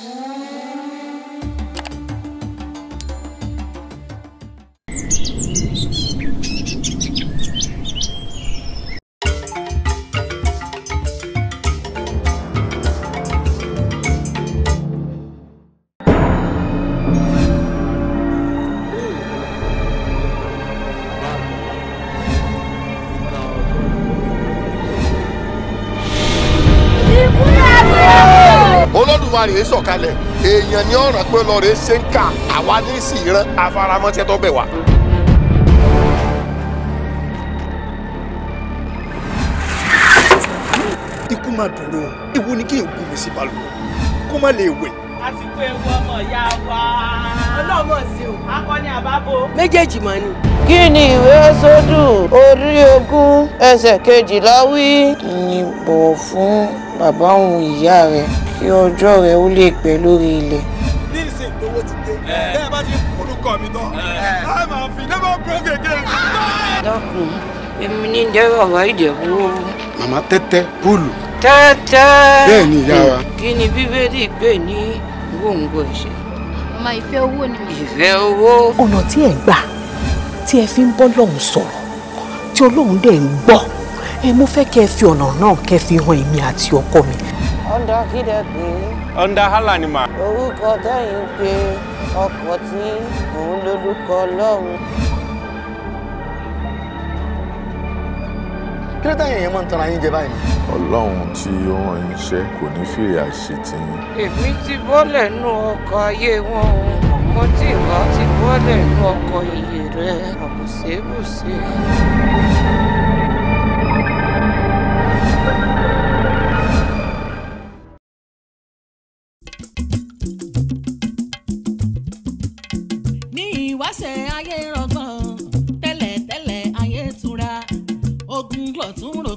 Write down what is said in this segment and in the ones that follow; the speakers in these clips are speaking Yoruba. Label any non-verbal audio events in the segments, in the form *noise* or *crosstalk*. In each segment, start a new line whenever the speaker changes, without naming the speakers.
Thank you. rèé
sọ̀kalẹ̀ èèyàn ní ọ̀ràn pé lọ rèé ṣe ń kà àwa ní sì rán afaramọ́tẹ́ tó bẹ̀ wá. ikú máa dùn ewu ni kí n gún mi sí balùwẹ̀ kó má lè
wẹ̀. àsìkò ewu ọmọ ìyá wa ọlọ́mọ sí o akọni àbábo. méjèèjì máa ní.
kí ni ìwé sódùn orí ogún ẹsẹ̀ kejìlá wí. ní bọ̀ fún bàbá òun ìyá rẹ̀ kí ọjọ́ rẹ̀ ó lè pẹ́ lórí ilẹ̀. ní ìsìn ìgbowó ti
dé bẹ́ẹ̀ bá ti kúrúkọ mi tán
a máa fi never broke again. dákun èmi ní dẹ́rọ̀ bá ìjẹ̀bú ooru.
màmá tẹ́tẹ́ bóòlù.
tẹ́tẹ́. bẹ́ẹ̀ ni ìyá wa. kí ni bíbélì pè ní
gbòǹgbò ẹ̀ṣẹ̀.
màmá ìfẹ́ owó ni. ìfẹ́ owó. ọ̀nà tí ẹ̀ gbà tí ẹ fi ń bọ́ lọ́hùn sọ̀rọ̀ tí Ọlọ́run dẹ̀ ń gbọ́ ẹ mo fẹ́ kẹ́ fi ọ̀nà náà kẹ́ fi hàn èmi àti ọkọ mi
ọ̀ndà kílẹ̀ ti.
ọ̀ndà halani
ma. mà. orúkọ tẹ́yìn pé ọkọ̀ tí òun lolúkọ lọ́hùn.
kí ló tẹ̀yìn yẹn máa ń tọ́ra yín jẹ báyìí. ọlọ́run tí ó ràn yín iṣẹ́ kò ní fìyà ṣe ti yín.
èmi ti bọ́lẹ̀ nú ọkọ̀ ayé wọn o mo tí ìwà ti bọ́lẹ̀ nú ọkọ̀ iyì
rẹ̀ àbùsẹ́bùsẹ́.
Al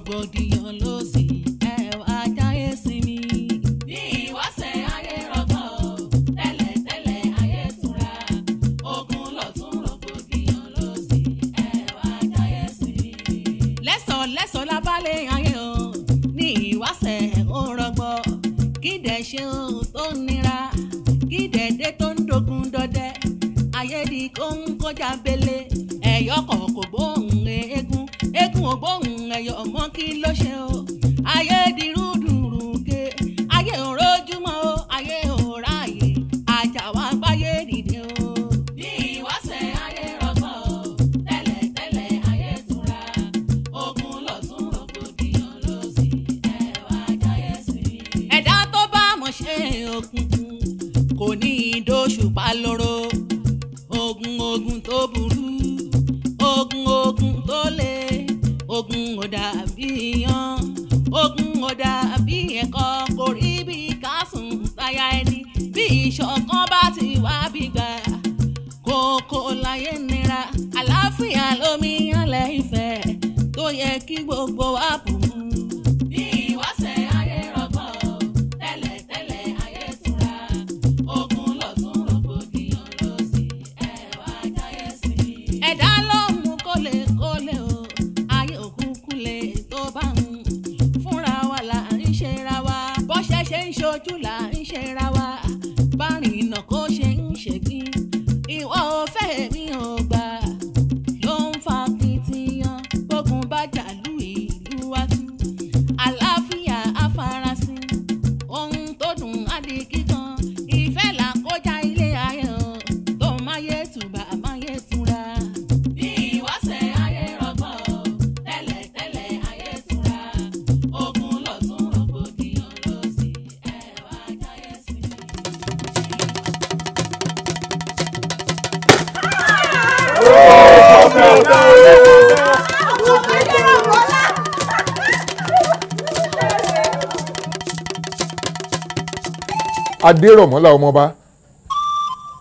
àràmọ́lá ọmọba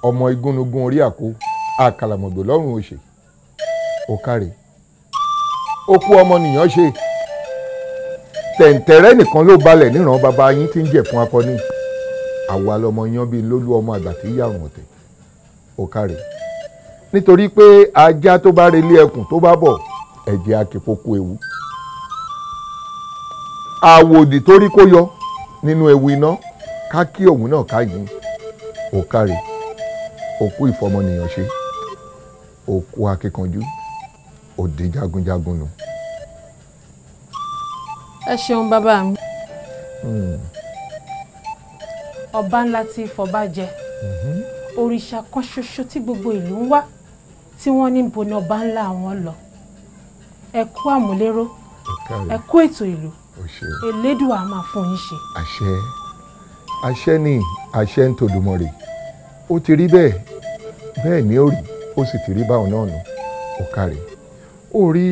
ọmọ igúnnugún orí àkó àkàlàmọ̀gbò lọ́rùn òṣè òkàrè òkú ọmọnìyàn ṣe tẹ̀ǹtẹ̀rẹ́ nìkan ló balẹ̀ níran bàbá yín tí ń jẹ̀ fún akọni àwa lọmọ yan bíi lólú ọmọ àgbà tí yàrùn ọ̀tẹ̀ òkàrè nítorí pé ajá tó bá relé ẹkùn tó bá bọ̀ ẹ̀jẹ̀ akẹ́kọ̀ọ́kọ ewu àwòdì torí kó yọ nínú ewu iná ká kí òun náà ká yín òkàrè òkú ìfọmọnìyàn ṣe òkú akíkanjú òde jagunjagun nù.
ẹ ṣeun bàbá mi. Hmm. ọba ńlá tí fọba jẹ mm-hmm. òrìṣà kan ṣoṣo tí gbogbo ìlú ń wá tí wọ́n ní bo ni ọba ńlá àwọn lọ ẹ àmúlérò ẹ ètò ìlú elédùà máa fún yín
ṣe àṣẹ ni àṣẹ ń tòdùmọ̀rè ó ti rí bẹ́ẹ̀ bẹ́ẹ̀ ni ó rí ó sì ti rí báwọn náà nù ó kárí ó rí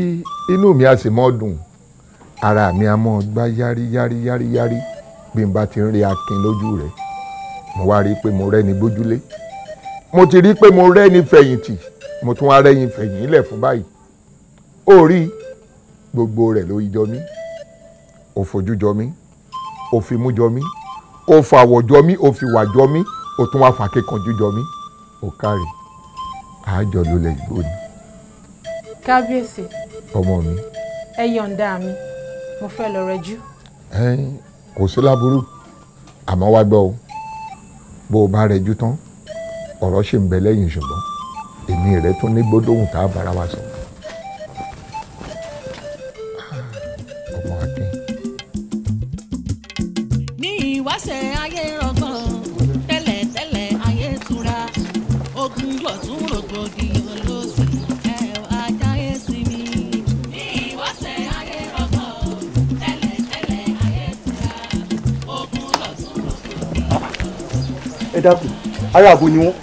inú mi a sì mọ́ dùn ara mi a mọ́ gbá yárí yárí yárí yárí bí n bá ti ń rí akin lójú rẹ̀ mo wá rí i pé mo rẹ́ni gbójúlé mo ti rí i pé mo rẹ́ni fẹ̀yìntì mo tún wá rẹ́yìn fẹ̀yìn ilẹ̀ fún báyìí ó rí gbogbo rẹ̀ ló yí jọ mí ó jọ mí ó jọ mí ó fa àwọ̀ jọ mí ó fi wà jọ mí ó tún wá fa kíkanjú jọ mí ó káre àjọ ló lè gbó ni. kábíyèsí. ọmọ mi.
ẹ yọ̀ǹda mi mo fẹ́ lọ rẹjú.
kò sí láburú àmọ́ wá gbọ́ o bó o bá rẹjú tán ọ̀rọ̀ ṣì ń bẹ lẹ́yìn ṣùgbọ́n èmi rẹ tún ní gbólóhùn tá a bára wa sọ. ẹ dákun ará àbò ni wọn.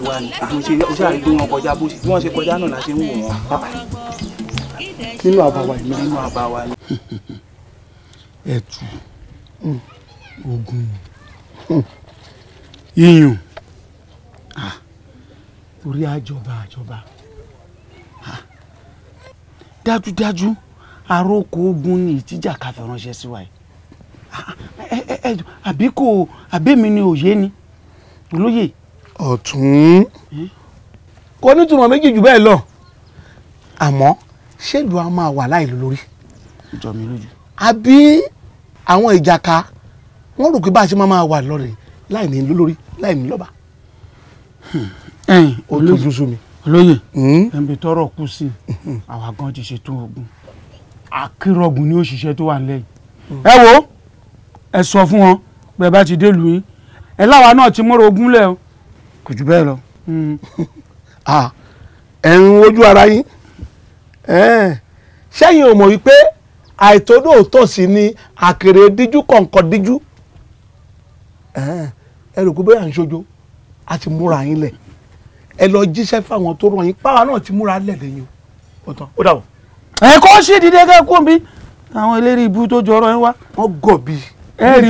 ìwà ni àmúṣe ọṣẹ àrígbó wọn kọjá bó bí wọn ṣe kọjá náà la ṣe ń wò wọn. nínú àbáwá yìí nínú àbáwá ni. ẹtù ogun iyùn orí àjọba àjọba dájúdájú àròkọ ogun ni ìtìjà ká
fi ránṣẹ́ sí wa yìí
àbí kò àbẹ́mi ni òye ni olóyè. ọ̀tún kò nítumọ̀ méjì jù bẹ́ẹ̀ lọ àmọ́ ṣèlú a máa wà láì lórí. jọ mi lójú. àbí àwọn ìjàkà wọ́n rò pé bá a ṣe máa wà lọ́rẹ̀ láì ní lórí láì ní lọ́ba. ó tójú sú mi. olóyè hmm? ẹnbi tọrọ kù sí àwa gan ti ṣètò ogun akérògùn ni ó ṣiṣẹ́ tó wà nílẹ̀ yìí. ẹ wo ẹ sọ fún wọn bẹ́ẹ̀ bá ti délùú yín ẹ láwa náà ti mọ́ra ogún lẹ̀ o. kò jù bẹ́ẹ̀ lọ. Hmm. *laughs* ẹ̀rùn ojú ara yín ṣẹ́yìn ò mọ̀ wípé àìtódòótọ́ sí ni àkèrè díjú kọ̀ǹkọ̀ díjú ẹ rò pé bóyá ń ṣojo a ti múra yín lẹ̀ ẹ lọ jíṣẹ́ fáwọn tó ràn páwa náà ti múra lẹ̀ lẹ́yìn o tán ó dà wọ́. ẹ kọ́ sí dídé kẹ́kọ̀ọ́ mi àwọn eléré ibú tó jọrọ ẹ wá. wọ́n gọ̀ bíi ẹ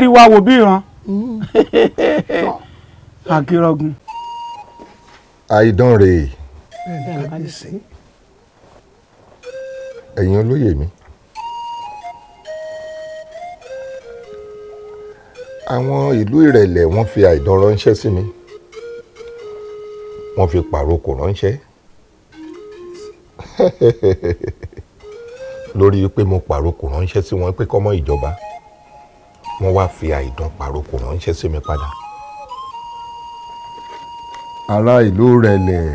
rí wa wò bí ìran *laughs* akérògùn. àìdán rèé ẹ̀yin olóyè mi àwọn ìlú ìrẹ̀lẹ̀ wọ́n fi àìdán ránṣẹ́ sí mi wọ́n fi pàrokò ránṣẹ́ *laughs* lórí pé mo pàrokò ránṣẹ́ sí wọn pé kọ́mọ ìjọba wọ́n wá fi àìdán pàrókò ránṣẹ́ sí mi padà. ará ìlú rẹlẹ̀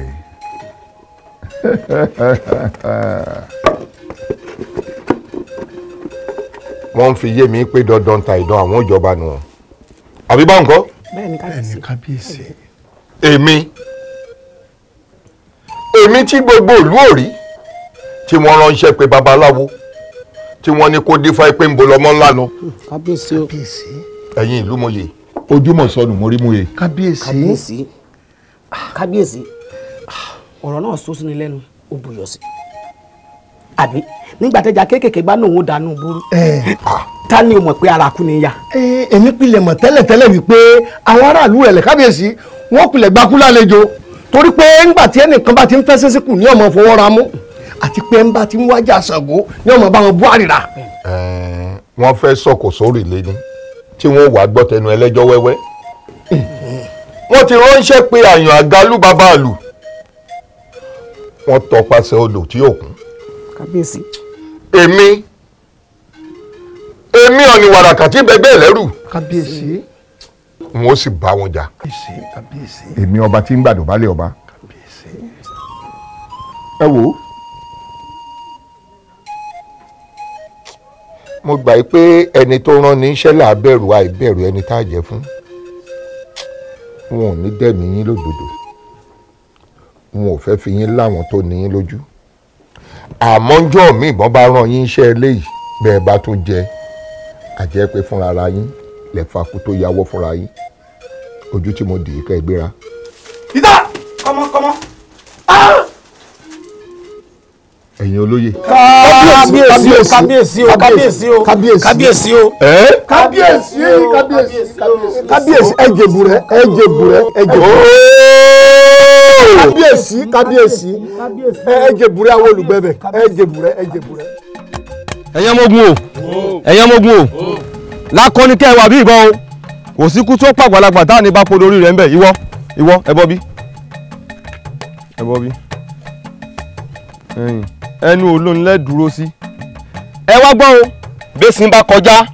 wọ́n ń fi yé mi pé dandan ta ìdán àwọn ìjọba nù ọ́ àbí báwo nǹkan. bẹ́ẹ̀ni kábíyèsí. èmi èmi tí gbogbo ìlú ò tí wọ́n ránṣẹ́ pé babaláwo tí wọ́n ní kó dífá pé ń bo lọ́mọ ńlá lọ. kábíyèsí o kábíyèsí. ẹ̀yin ìlú mòye ojúmọ̀ sọnù mórí mòye. kábíyèsí kábíyèsí kábíyèsí ọ̀rọ̀ náà sọ sínú lẹ́nu ó buyọ̀ sí àbí nígbà tẹ́jà kéékèèké bá lòun dànù burú ta ni o mọ̀ pé ara kú ni ya. èmi pilẹ̀ mọ̀ tẹ́lẹ̀tẹ́lẹ̀ wípé àwọn aráàlú rẹ̀ kábíyèsí wọ́n pilẹ̀ gbákú lálejò torí pé ńgbà tí ẹnìkan bá ti ń fẹ́ sẹ́sẹ́kù ní ọmọ fọwọ́ra mú àti pé ń bá ti ń wájà Ṣàngó ní ọmọ bá wọn bú àrìrà. wọ́n fẹ́ sọ̀kò sórí lẹ́ni tí wọ́n wàá gbọ́ tẹnu ẹlẹ́jọ́ wẹ́wẹ́. wọ́n ti ránṣẹ́ pé àyàn àgálù bàbá àlù wọ́n tọpasẹ̀ odò tí ò kún. kábíyèsí. èmi èmi ọ̀nì wàràkà tí bẹ́ẹ̀ bẹ́ẹ̀ lẹ́rù. kábíyèsí. n ó sì bá wọn jà. kábíyèsí. èmi ọba tí ń gbàdọ̀ balẹ̀ ọba. kábíyèsí. ẹ wo mo gbà pé ẹni tó rán ní iṣẹ́ là á bẹ̀rù àìbẹ̀rù ẹni tá a jẹ́ fún wọn ò ní dẹ̀mí yín lódodo wọn ò fẹ́ fi yín láwọn tó ní yín lójú àmọ́jọ́ mi ìbọn bá rán yín iṣẹ́ eléyìí bẹ́ẹ̀ bá tó jẹ àjẹ́ pé fúnra ara yín lẹ́fà kú tó yáwọ́ fúnra yín ojú tí mo dì í kẹ́ ẹ gbéra.
ìdá kọ́mọ
ẹ̀yin olóye. kábíyèsí o kábíyèsí o kábíyèsí o kábíyèsí o kábíyèsí o kábíyèsí ẹ̀jẹ̀bù rẹ̀ ẹ̀jẹ̀bù rẹ̀ ẹ̀jẹ̀bù rẹ̀
kábíyèsí
kábíyèsí ẹ̀jẹ̀bù rẹ̀ àwọn olùgbẹ̀bẹ̀ ẹ̀jẹ̀bù rẹ̀ ẹ̀jẹ̀bù rẹ̀. ẹ̀yin ọmọogun o ẹ̀yin ọmọogun o lákọ́ni kẹ́ ẹ wà bí ìbọn o kò sí kú tó pàgbàlagbà táà ní bá podo orí rẹ̀ ń bẹ̀ ìwọ ìwọ ẹ bọ́ ẹnu olóyin lẹ́dúró sí. ẹ wá gbọ́ o bẹ́sìn bá kọjá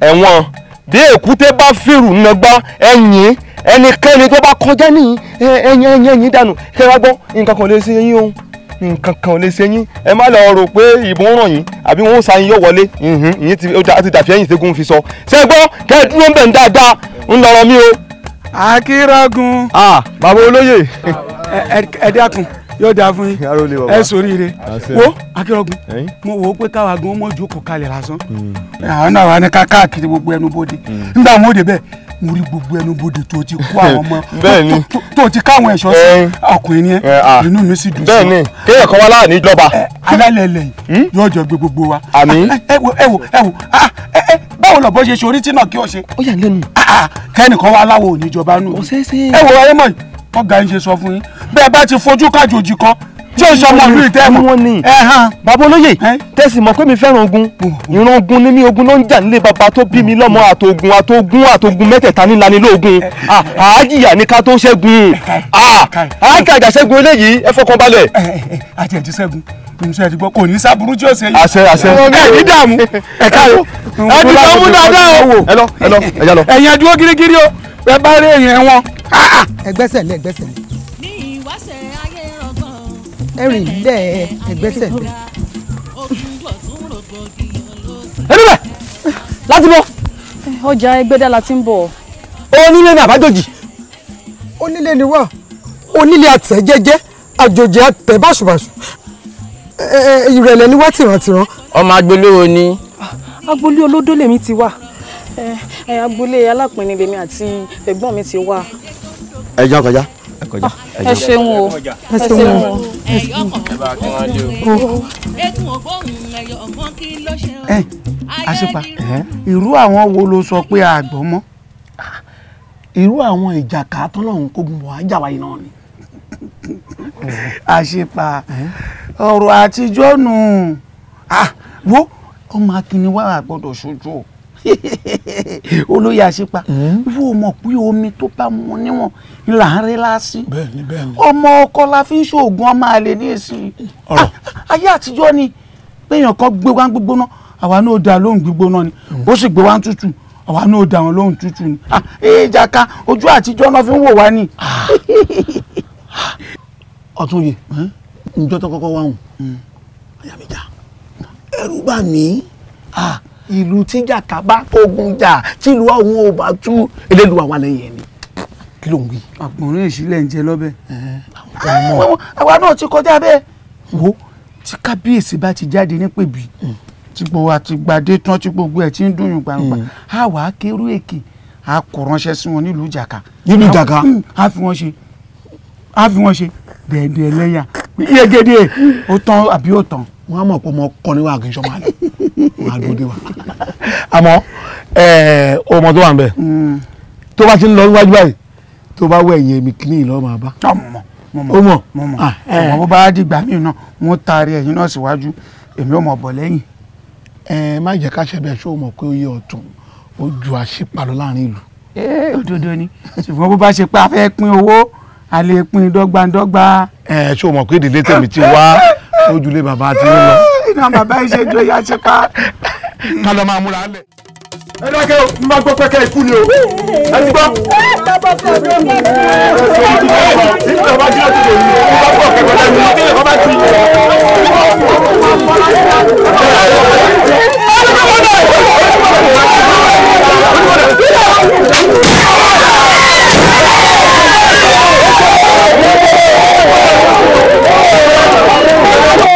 ẹ̀wọ̀n bí èkúté bá fìrù nàgbá ẹ̀yìn ẹnikẹ́ni tó bá kọjá ní ẹ̀yìn ẹ̀yìn ẹ̀yìn dànù ẹ wá gbọ́ nǹkan kan lè ṣe yín o nǹkan kan lè ṣe yín ẹ má lọ rò pé ìbọn ràn yín àbí wọn ó sa yín yọ wọlé ìyín ti dàbí ẹ̀yìn ṣẹ́gun fi sọ ṣé gbọ́ kẹ́ ń bẹ̀ ń dáadáa ń lọ́rọ̀ mi o. akíragun. ah bàbá olóyè. ẹ dákun yóò dáa fún yín ẹ wo akérògùn mo wò pé káwa gan mọ kalẹ̀ lásán
àwọn náà wà ní
gbogbo ẹnu bodè nígbà wọn dé gbogbo ẹnu bodè tó ti kó àwọn ọmọ tó ti káwọn ẹ̀ṣọ́ sí ọkùnrin inú mi sì dùn sí. kéèyàn wá láàánú ìjọba. gbogbo wa. ẹ wo ẹ wo ẹ wo báwo lọ bó ṣe ṣe orí ọ̀gá yín ṣe sọ fún yín bẹ́ẹ̀ bá ti fojú kájòjì kan tí o sọmọ ìlú ìtẹ́mọ̀ wọn ni bàbá olóyè tẹ̀sí mọ̀ pé mi fẹ́ràn ogun ìran ogun ní mi ogun ló ń jà nílé bàbá tó bí mi lọ́mọ àtògùn àtògùn àtògùn mẹ́tẹ̀ẹ̀ta nílá ni lóògùn ah, àájìyà ni ká tó ṣẹ́gun ah, àákàjà ṣẹ́gun eléyìí ẹ fọkàn balẹ̀. àti ẹ̀jẹ̀ ṣẹ́gun ìmúṣẹ́ ẹ̀dí gbọ́ kò ní sábúrú tí ó ṣe yìí. àṣẹ àṣẹ ẹ̀yin dààmú ẹ̀ka o ẹ̀dí kan mú dáadáa o. ẹ lọ ẹ lọ ẹ yá lọ. ẹ̀yin ẹ̀dúró gírígírí o ẹ bá
rí èèyàn wọn. Ah, ẹgbẹ́sẹ̀ lé ẹgbẹ́sẹ̀ lé ẹrìn lẹ ẹgbẹ́sẹ̀ lẹ. ẹnu bẹ láti bọ. ọjà ẹgbẹ́dá la ti ń bọ̀. onílé ni àbájòjì. onílé ni wá onílé àtẹ̀jẹ́jẹ́ àjòjì àtẹ̀ báṣubàṣu ìrẹ̀lẹ̀ ni wá tìrantìran. ọmọ agbolówó ni. agbolé olódó lèmi ti wà agbolé alápínì lèmi àti ẹ̀gbọ́n mi ti wà.
ẹ jẹun kọjá ẹkọjá ẹ ṣeun
o ẹ ṣeun
o
ẹ yọ irú àwọn wo ló sọ pé àgbọ̀ mọ́ irú àwọn ìjàkà tọ́lọ́hún kó gun wọ́n wáyé náà ni àṣepa *laughs* eh? ọ̀rọ̀ àtijọ́ nù ah, wo ọmọ akínní wàrà gbọ́dọ̀ ṣojú o. *laughs* olóyè àṣepa hmm? ìwọ mọ̀ pé omi tó bá mu níwọ̀n là ń rí lásì ọmọ ọkọ la fi ń ṣoògùn ọmọ àlè ní èsì ah, ayé àtijọ́ ni péyàn kan gbé wá gbígbóná àwa náà dá lóhùn gbígbóná ni hmm. ó sì gbé wá tútù àwa náà dá wọn lóhùn tútù ni ìjàka ah, ojú àtijọ́ náà fi ń wò wá ni. Ah. ọ̀tún yìí hmm? ǹjọ́ tó kọ́kọ́ wá hùn àyà mi já ẹ̀rù bà mí ìlú tíjà kábá ogun jà tìlú àwọn ò bá tú eléluwa wà lẹ́yìn ẹni kí ló ń wí. àpòrún ìṣílẹ̀ ń jẹ lọ́bẹ̀. àwa náà ti kọjá bẹ́ẹ̀. wo tí kábíyèsí bá ti jáde ní pèbí hmm. tí gbogbo àti gbadé tán tí gbogbo ẹ̀ ti ń dùn yùn gbangba á hmm. wà á kérú èkì a kò ránṣẹ́ sí wọn nílùú jàkà. nílùú jàkà. Hmm, a fi wọn ṣe a fi wọn ṣe dẹ̀ẹ̀dẹ̀ ẹlẹ́yà yégede ó tán àbí ó tán. wọn á mọ̀ pé ọmọ kọ níwá àgbẹ̀ṣọ́ máa lọ àdúdé wa. àmọ́ ọmọ tó wà ń bẹ̀ hmm. tó bá ti ń lọ níwájú báyìí tó bá wẹ̀ yẹn mi kìíní lọ́ọ́ máa bá. ọmọ
mo mọ mo mọ ọmọ ah, bó
bá dìgbà míì náà wọn taari ẹ̀yin náà síwájú èmi ò mọ bọ lẹ́yìn. ẹ má jẹ́ ká ṣe bẹ́ẹ̀ ṣó mọ̀ pé ó yẹ ọ̀tún ó ju àṣepa lọ láàrin ìlú. ee òdodo ni ṣùgbọ́n bó bá ṣe pé a fẹ́ pín owó a lè pín dọ́gbandọ́gba. ẹ ṣó mọ̀ pé ìdílé tèmi ti wá *laughs* ojúlé bàbá ti ń lọ. Ah, iná bàbá yìí ṣe dúró yá ṣe pa. ká lọ máa múra lẹ. ẹ dákẹ́ o má gbọ́ pẹ́kẹ́ ikú ni o ẹ ti gbọ́.
bàbá kò ní ọ̀nà. ẹ ṣe ojú bá wà nígbà bá jẹ́ òtún òní o bá bọ̀ kẹ́kọ̀ọ́ lẹ́nu ní kílẹ̀ bá ti oh, Thank you.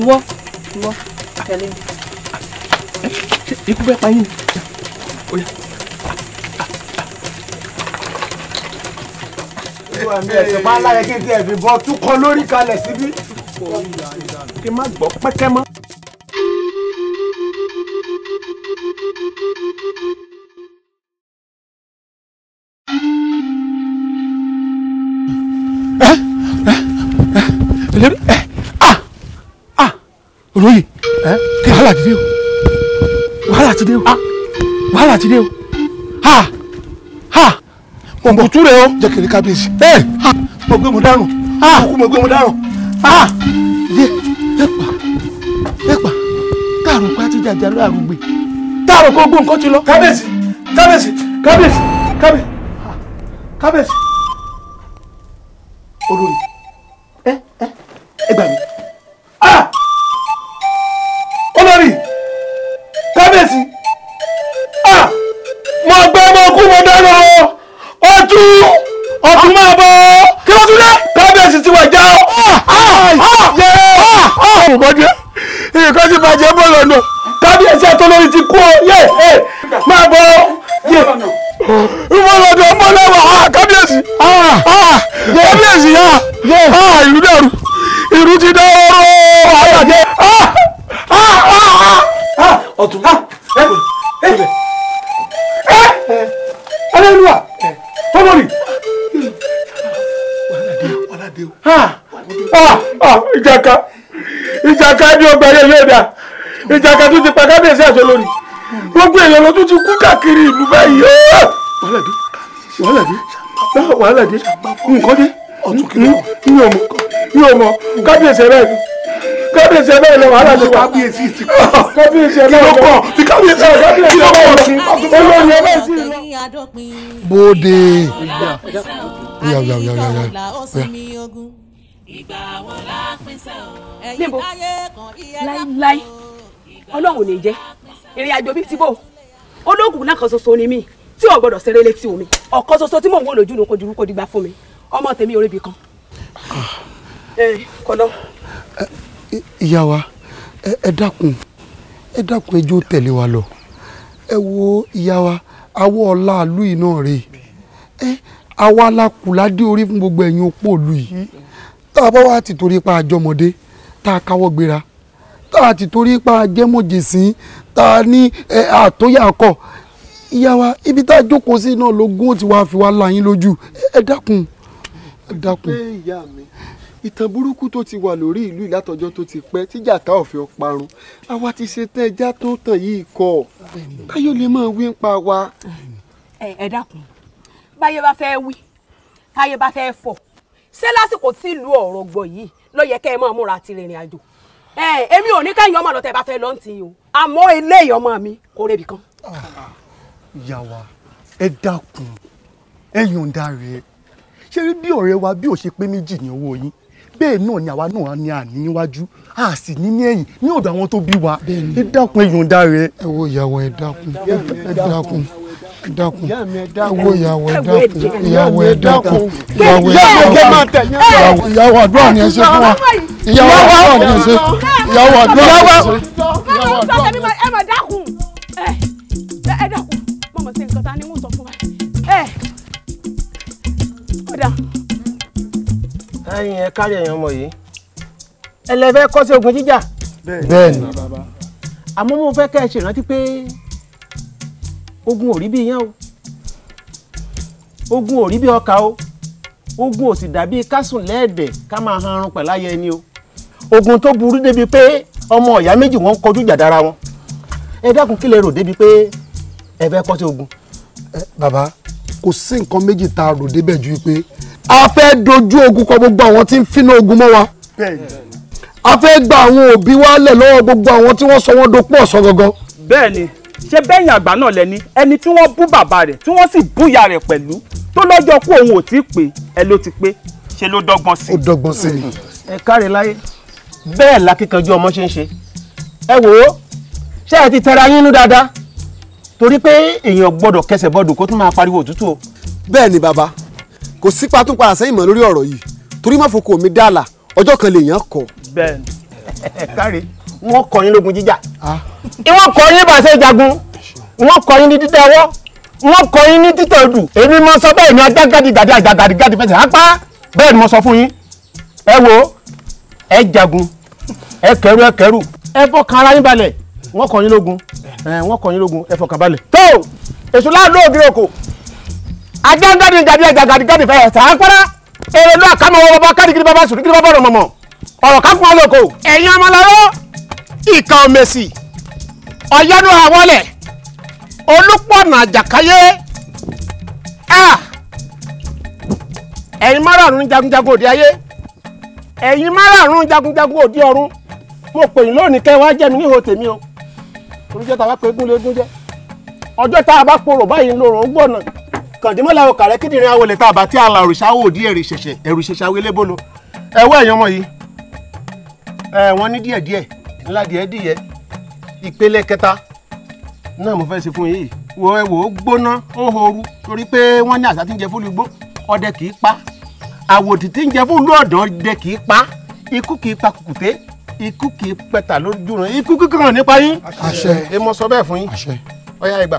ìwọ ìwọ tẹ̀lé mi. ikú bẹ́ẹ̀
pa yín ni. ẹ̀sìn bá lára kí n tiẹ̀ fi bọ́ tún kọ lórí kalẹ̀ síbí. kí n má gbọ́ pẹ́kẹ́ mọ́. jẹ́ kí n rí kábíyèsí. ẹ mo gbé mo dárùn mo kú mo gbé mo dárùn. yé ẹ pa ẹ pa táàrò pa ti jàjà lọ àrùgbé táàrò kó gbó nǹkan ti lọ. kábíyèsí kábíyèsí kábíyèsí kábíyèsí. sí àjọ lórí gbogbo èèyàn ló tún ti kú káàkiri ìlú báyìí wàhálà dé wàhálà dé wàhálà dé nǹkan dé mi ò mọ mi kábíyèsí ẹ bẹ́ẹ̀ ah, kábíyèsí ẹ bẹ́ẹ̀ ni wàhálà ti kábíyèsí ti kọ́ kábíyèsí ẹ bẹ́ẹ̀ kọ́ ti kábíyèsí ẹ kábíyèsí
ẹ bẹ́ẹ̀ ni olórí ẹ bẹ́ẹ̀ sì lọ. bóde ya ya ya ya ya.
níbo láíláí ọlọ́run ò ní jẹ́ ìrìn àjò bíi ti bò
ológun náà kan ṣoṣo ni mí tí ò gbọdọ̀ ṣeré létí omi ọ̀kan ṣoṣo tí mò ń wò lójú ló kojú kó dìgbà fún mi ọmọ tèmi orí ibì kan. Ah. Eh, eh,
ìyá wa ẹ dákun ẹ dákun ẹjọ́ tẹ̀lé wa lọ ẹ wo ìyá wa awọ ọlá ìlú iná rè ẹ àwa la ládé orí fún gbogbo ẹ̀yin opó òlu yìí tá a bá wá ti torí pa àjọmọdé tá a káwọ́ gbéra tá a ti torí pa jẹ́mọ̀jì sí ta ní àtóyàkọ̀ ìyá wa ibi tá a jókòó sí náà lógún ó ti wá fi wá la yín lójú ẹ dákun ẹ dákun. pé ìyá mi ìtàn burúkú tó ti wà lórí ìlú ìlàtọjọ tó ti pẹ́ tí jàtá òfin ọparun àwa ti ṣe tán ẹja tó tàn yìí kọ báyọ̀ lè máa wí ń pa wa.
ẹ dákun báyé bá fẹ́ wí táyé bá fẹ́ fọ̀ ṣé lásìkò tí ìlú ọ̀rọ̀ gbọ̀ yìí ló yẹ kẹ́ ẹ máa múra ti rìnrìn àjò ẹ Emi, ò ní káyọ̀ ọmọ lọ́tẹ̀ bá fẹ́ lọ́n ti o àmọ́ eléyìí ọmọ mi kò rebi kan.
ìyá wa ẹ dákun ẹ yọ̀ǹda rẹ̀ ṣé bí ọ̀rẹ́ wa bí ò ṣe pé méjì ní owó yín bẹ́ẹ̀ náà ni àwa náà ni àní níwájú a sì ní ní ẹ̀yìn ní ọ̀dọ̀ àwọn tó bí wa ẹ dákun ẹ yọ̀ǹda rẹ. ẹ wo ìyàwó ẹ dákun
ẹ dákun ẹ dákun ẹ wo ìyàwó ẹ dákun ìyàwó ẹ dákun ìyàwó ẹ dákun ìyàwó àdúrà ni ẹ ṣe fún wa ìyàwó àdúrà ni ẹ ṣe ìyàwó àdúrà ni ẹ ṣe. káwọn ọ̀dọ́ ẹ máa dákun
ẹ ẹ dákun mọ̀mọ́ sí nǹkan ta ni mo sọ fún wa ẹ
ọ̀dà ẹ̀yin ẹ kárí ẹ̀yin ọmọ yìí ẹ lè sí ogun jíjà. bẹ́ẹ̀ ni àmọ́ mo fẹ́ kẹ́ ẹ ṣèrántí pé ogun ò rí bí iyán o ogun ò rí bí ọkà o ogun ò sì dàbí kásùn lẹ́ẹ̀dẹ̀ ká máa han arun pẹ̀lú ayé ẹni o ogun tó burú débi pé ọmọ ọ̀yá méjì wọ́n kọjú ìjà dára wọn ẹ dákun kí lè rò débi pé ẹ fẹ́ kọ́ sí ogun. bàbá kò sí nǹkan méjì tá a rò débẹ̀ ju pé a fẹ́ dojú ogun kọ gbogbo àwọn tí ń fínà ogun mọ́ wa a fẹ́ gba àwọn òbí wa lẹ̀ lọ́wọ́ gbogbo àwọn tí wọ́n sọ wọ́n dopọ̀ ọ̀sán gangan. bẹ́ẹ̀ni ṣé bẹyìn àgbà náà lẹni ẹni tí wọ́n bú bàbá rẹ̀ tí wọ́n sì bú ìyá rẹ̀ pẹ̀lú tó lọ́jọ́ kú òun ò tí ì pé ẹ ló ti pé ṣe ló dọ́gbọ́n sí. ó dọ́gbọ́n sí ni. ẹ káre láyé bẹ́ẹ̀ lakíkanjú ọmọ ṣe ń ṣe ẹ wò ó ṣé ẹ ti tẹra yín nú dáadáa torí pé èèyàn gbọ́dọ̀ kẹsẹ̀ bọ́dọ̀ kó tún máa pariwo òtútù o. bẹ́ẹ̀ ni bàbá kò sí pátún padà sẹ́yìn mọ́ lórí ọ̀rọ̀ yìí torí má foko mi dààlà ọjọ́ kan lèèyàn kọ. bẹ́ẹ̀ni ẹ káre wọn kọ́ yín lógun jíjà wọn kọ́ yín bá ṣe jagun wọn kọ́ yín ní dídá ọwọ́ wọn kọ́ yín ní títẹ odù èmi mọ sọ bẹ́ẹ̀ ni ajá gadi gadi ajá gadi apá bẹ́ẹ̀ ni mo sọ fún yín ẹ wo ẹ jagun ẹ kẹrù ẹ kẹrù ẹ fọkàn ara yín balẹ̀ wọn kọ́ yín lógun ẹ wọn kọ́ yín lógun ẹ fọkàn balẹ̀ tó èso láàdó ògiri òkò ajangadi jadi ajagadi gadi fẹ sàkpara èrè lọ àkàmọ wọn bàbá kádìgírí bàbá sùn kíkiri bàbá rọ mọmọ ọ̀rọ̀ kankun ọlọkọ ẹ̀yin ọmọlọ́rọ̀ ìka ọmẹsì ọyanu àwọlẹ olùpọnà àjàkáyé ẹ̀yin ah! márààrún jagunjagun òde ayé ẹ̀yin márààrún jagunjagun òde ọ̀run mo pè yín lónìí kẹ́ wá jẹ́ mi níhò tèmi o oníjẹ́ tá a bá pé egúnlé egún jẹ́ ọjọ́ tá a bá porò báyìí ń lòrò ó gbọ̀nà kàndínmọ́lá o kàrẹ́ kíndìnrín awolẹ̀ tá a bá tí a la òrìṣà wò di ẹ̀rù ìṣẹ̀ṣẹ̀ ẹ̀rù ìṣẹ̀ṣẹ̀ awé lébolo ẹ̀wọ́ ẹ̀yàn wọ̀nyí wọ́n ní díẹ̀ díẹ̀ ńlá díẹ̀ díẹ̀ ìpele kẹta náà mo fẹ́ ṣe fún yìí wo ẹ wò ó gbóná ó horu torí pé wọ́n ní àṣà tí ń jẹ fúlù igbó ọdẹ kì í pa àwòdì tí ń jẹ fúlù ọ̀dàn ọdẹ kì í pa ikú kì í pa kùkùté ikú kì í pẹ̀tà lójú rẹ̀ ikú kíkan nípa yín àṣẹ ẹ mọ sọ bẹ́ẹ̀ fún yín ọ̀yá ìgbà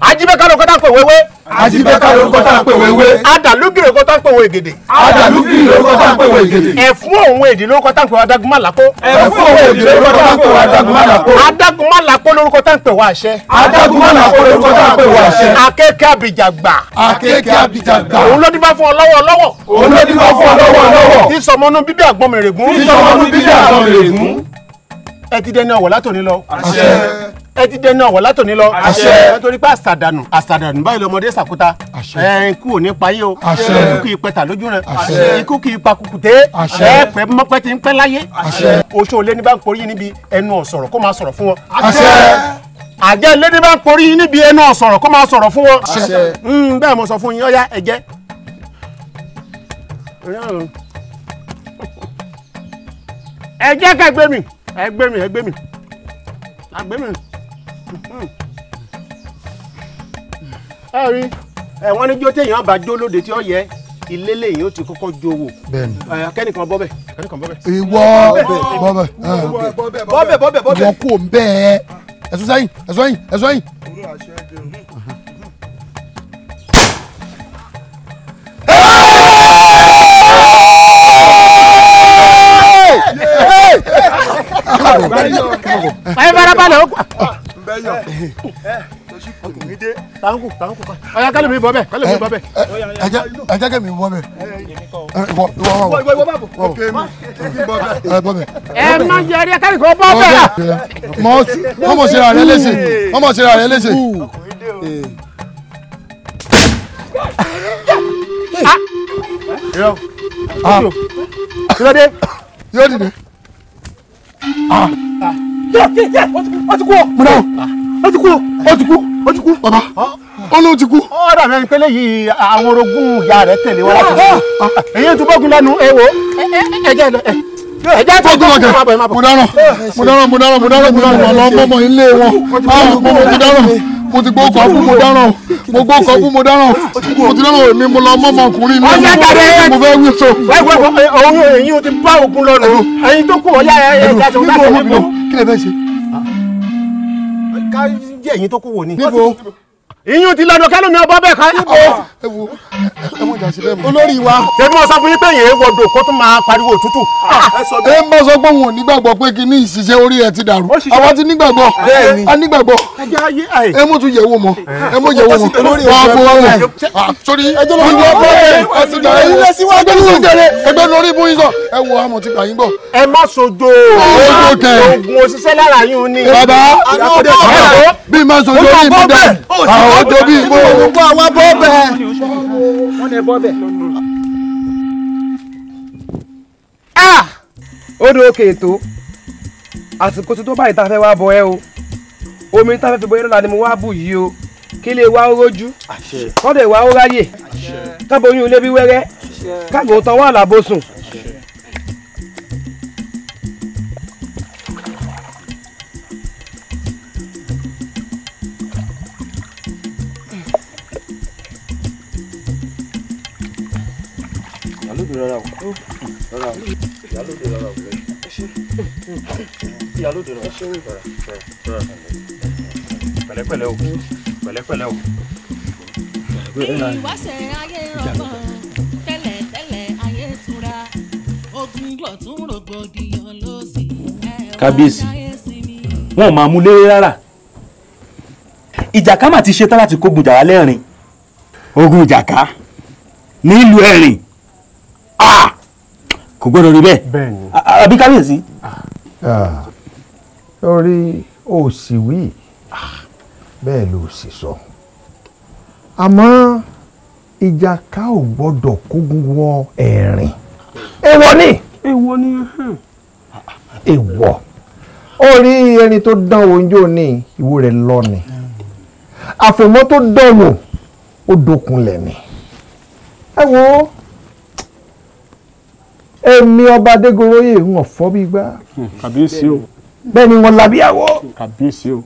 ajibeka ló kọ́tà pé wéwé. ajibeka ló kọ́tà pé wéwé. adalugiri ló kọ́tà pé wégede. adalugiri ló kọ́tà pé wégede. ẹ̀fún òun èdè ló kọ́tà pé adagunmá làkó. ẹ̀fún òun èdè ló kọ́tà pé adagunmá làkó. adagunmá làkó lórúkọ tá ń pè wá àṣẹ. adagunmá làkó lórúkọ tá ń pè wá àṣẹ. akẹ́kẹ́ abìjàgbà. akẹ́kẹ́ abìjàgbà. òun ló dífá fún ọ lọ́wọ́ lọ́wọ́. òun ló dífá fún ọ lọ́wọ́ lọ́wọ́. tí sọmọnú bíbí àgbọ̀mẹ̀rẹ̀gún. tí sọmọnú bíbí àgbọ̀mẹ̀rẹ̀gún ẹ ti dẹni ọ̀wọ̀ látòní lọ. àṣẹ. ẹ ti dẹni ọ̀wọ̀ látòní lọ. àṣẹ. nítorí pé àṣàdànù àṣàdànù báyìí lọmọdé ṣàkúta. àṣẹ. ẹ ikú ò ní payé o. àṣẹ. ikú kì í pẹta lójú rẹ. àṣẹ. ikú kì í pa kùkùté. àṣẹ. ẹ pẹ mọpẹ ti ń pẹ láyé. àṣẹ. oṣù olé ní bá ń porí yín níbi ẹnu ọ̀sọ̀rọ̀ kó máa sọ̀rọ̀ fún wọn. àṣẹ àjẹ́ ilé ní bá ń porí yín níbi ẹnu ọ̀sọ̀rọ̀ kó máa sọ̀rọ̀ fún wọn. àṣẹ. Hmm, bẹ́ẹ̀ mo sọ fún mi ẹ gbé mi ẹ gbé mi ẹ gbé mi ẹ rí ẹ wọ́n ní jó téèyàn bá jó lóde tí ó yẹ ilé lẹ́yìn ó ti kọ́kọ́ jowó kẹ́nìkan bọ́bẹ̀. ìwọ bọ́bẹ̀ bọ́bẹ̀ bọ́bẹ̀ bọ́bẹ̀ wọ́n kò ń bẹ́ẹ̀ ẹ̀sùn sẹ́yìn ẹ̀sùn sẹ́yìn ẹ̀sùn sẹ́yìn.
ẹ fara balẹ̀ o.
ọ̀yà kálí mi bọ́ bẹ́ẹ̀ kálí mi bọ́ bẹ́ẹ̀. ẹ jẹ́ kí mi bọ́ bẹ́ẹ̀. ìwọ ìwọ wà wọ. ẹ bọ́ bẹ́ẹ̀. ẹ má jẹ ẹrí kálí kò bọ́ bẹ́ẹ̀. mọ mọ sira rẹ léṣe mọ mọ sira rẹ léṣe. yóò dìde ó ti kú o. mo dáhùn ó ti kú o. ó ti kú ó ti kú. bàbá ọlọ́run ti kú. ó dàbí ẹni pé léyìí àwọn orogún ìyá rẹ̀ tẹ̀lé wa láti sùn. èyí tó bọ́gun lẹ́nu ẹ wo ẹ̀jẹ̀ ẹ̀ ẹ̀jẹ̀ tó gbọ́n ọ̀gẹ̀ mo dáràn mo dáràn mo dáràn mo dáràn mo dáràn lọ́mọ́mọ́ ilé wọn mo dáràn mo ti gbọ́ kọ́ fún mo dáràn mo gbọ́ kọ́ fún mo dáràn mo ti dáràn èmi mo lọ mọ́ ọmọkùnrin ní ọmọ mo fẹ́ wí
so. òun èyí
ti bá òkun lọ nù ẹyin tó kù ọ̀yá ẹ̀ ẹ̀ ẹ̀ ẹ̀ ẹ̀ ẹ̀ ẹ̀ ẹ̀ ẹ̀ ẹ̀ ẹ̀ ẹ̀ ẹ̀ ẹ̀ ẹ̀ ẹ̀ ẹ̀ ẹ̀ ẹ̀ ìyún ti lọ́dọ̀ kẹ́lómi ọba bẹ́ẹ̀ ká níbo. Ah,
ẹ wo ẹ mọ jàsí bẹ́ẹ̀ mọ. olórí wa. tẹbi wọn
sọ fún yín pé yẹn wọdọ kó tún máa pariwo òtútù. Ah, ẹ ń bá sọ pé wọn ò nígbàgbọ́ pé kí ní ìṣiṣẹ́ orí ẹ ti dàrú àwa ti nígbàgbọ́ a nígbàgbọ́ ẹ mú tún yẹ̀wò mọ ẹ mú yẹ̀wò mọ wà á bọ wà wọ. Ah, sori ẹjọ́ ló ń bọ̀ ẹ ẹgbẹ́ lórí ibú yín sọ ẹ wo amọ̀ ti gbà yín bọ̀. ẹ má sojo oògùn òṣìṣẹ́ lára yín ò ní. bàbá bí má sojo yín bí dá ó tóbi ìbò. mo kọ́ àwọn bọ́ọ̀bẹ̀. wọ́n ní bọ́ọ̀bẹ̀. odò òkè ètò àsìkò tuntun báyìí tá a fẹ́ wá bọ ẹ o omi tá a fẹ́ fi bọ yẹn lọ́la ni mo wá bù yìí o kí lè wá orójú kọ́dọ̀ ìwà ó ráyè kábọ̀ oyún ilé bí wẹ́rẹ́ kágbó tán wà lábòsùn.
rọra o rọra o ìyálóde rọra o ìyálóde rọra rọra pẹ̀lẹ́pẹ̀lẹ́ o pẹ̀lẹ́pẹ̀lẹ́ o.
ìwáṣẹ̀ ayé ọgbọ́n tẹ́lẹ̀ tẹ́lẹ̀ ayé tura ogun gbọ̀tún rògbòdìyàn ló sì. kábíyèsí
wọn ò máa mú léré rárá ìjàká mà ti ṣetán láti kógun jà wá lẹ́rìn. ogun ìjàká nílùú ẹ̀rìn Ah! kò gbọ́dọ̀ rí bẹ́ẹ̀ àbí kábíyèsí. lórí ah. ah. o sì wí bẹ́ẹ̀ ló sì sọ àmọ́ ìjàká ò gbọ́dọ̀ kógun wọ ẹ̀rìn
èèwọ̀ ni. èèwọ̀ ni.
èèwọ̀ orí ẹni tó dán oúnjẹ òní ìwo rẹ̀ lọ ni àfòmọ́ tó dán wò ó dokunlẹ̀ ni ẹ wo ẹ̀mí ọba adégoróyè ń ọ̀fọ́ bí gbá. Hmm, kàbíyèsí o. bẹ́ẹ̀ ni wọ́n labí àwọ̀. kàbíyèsí o.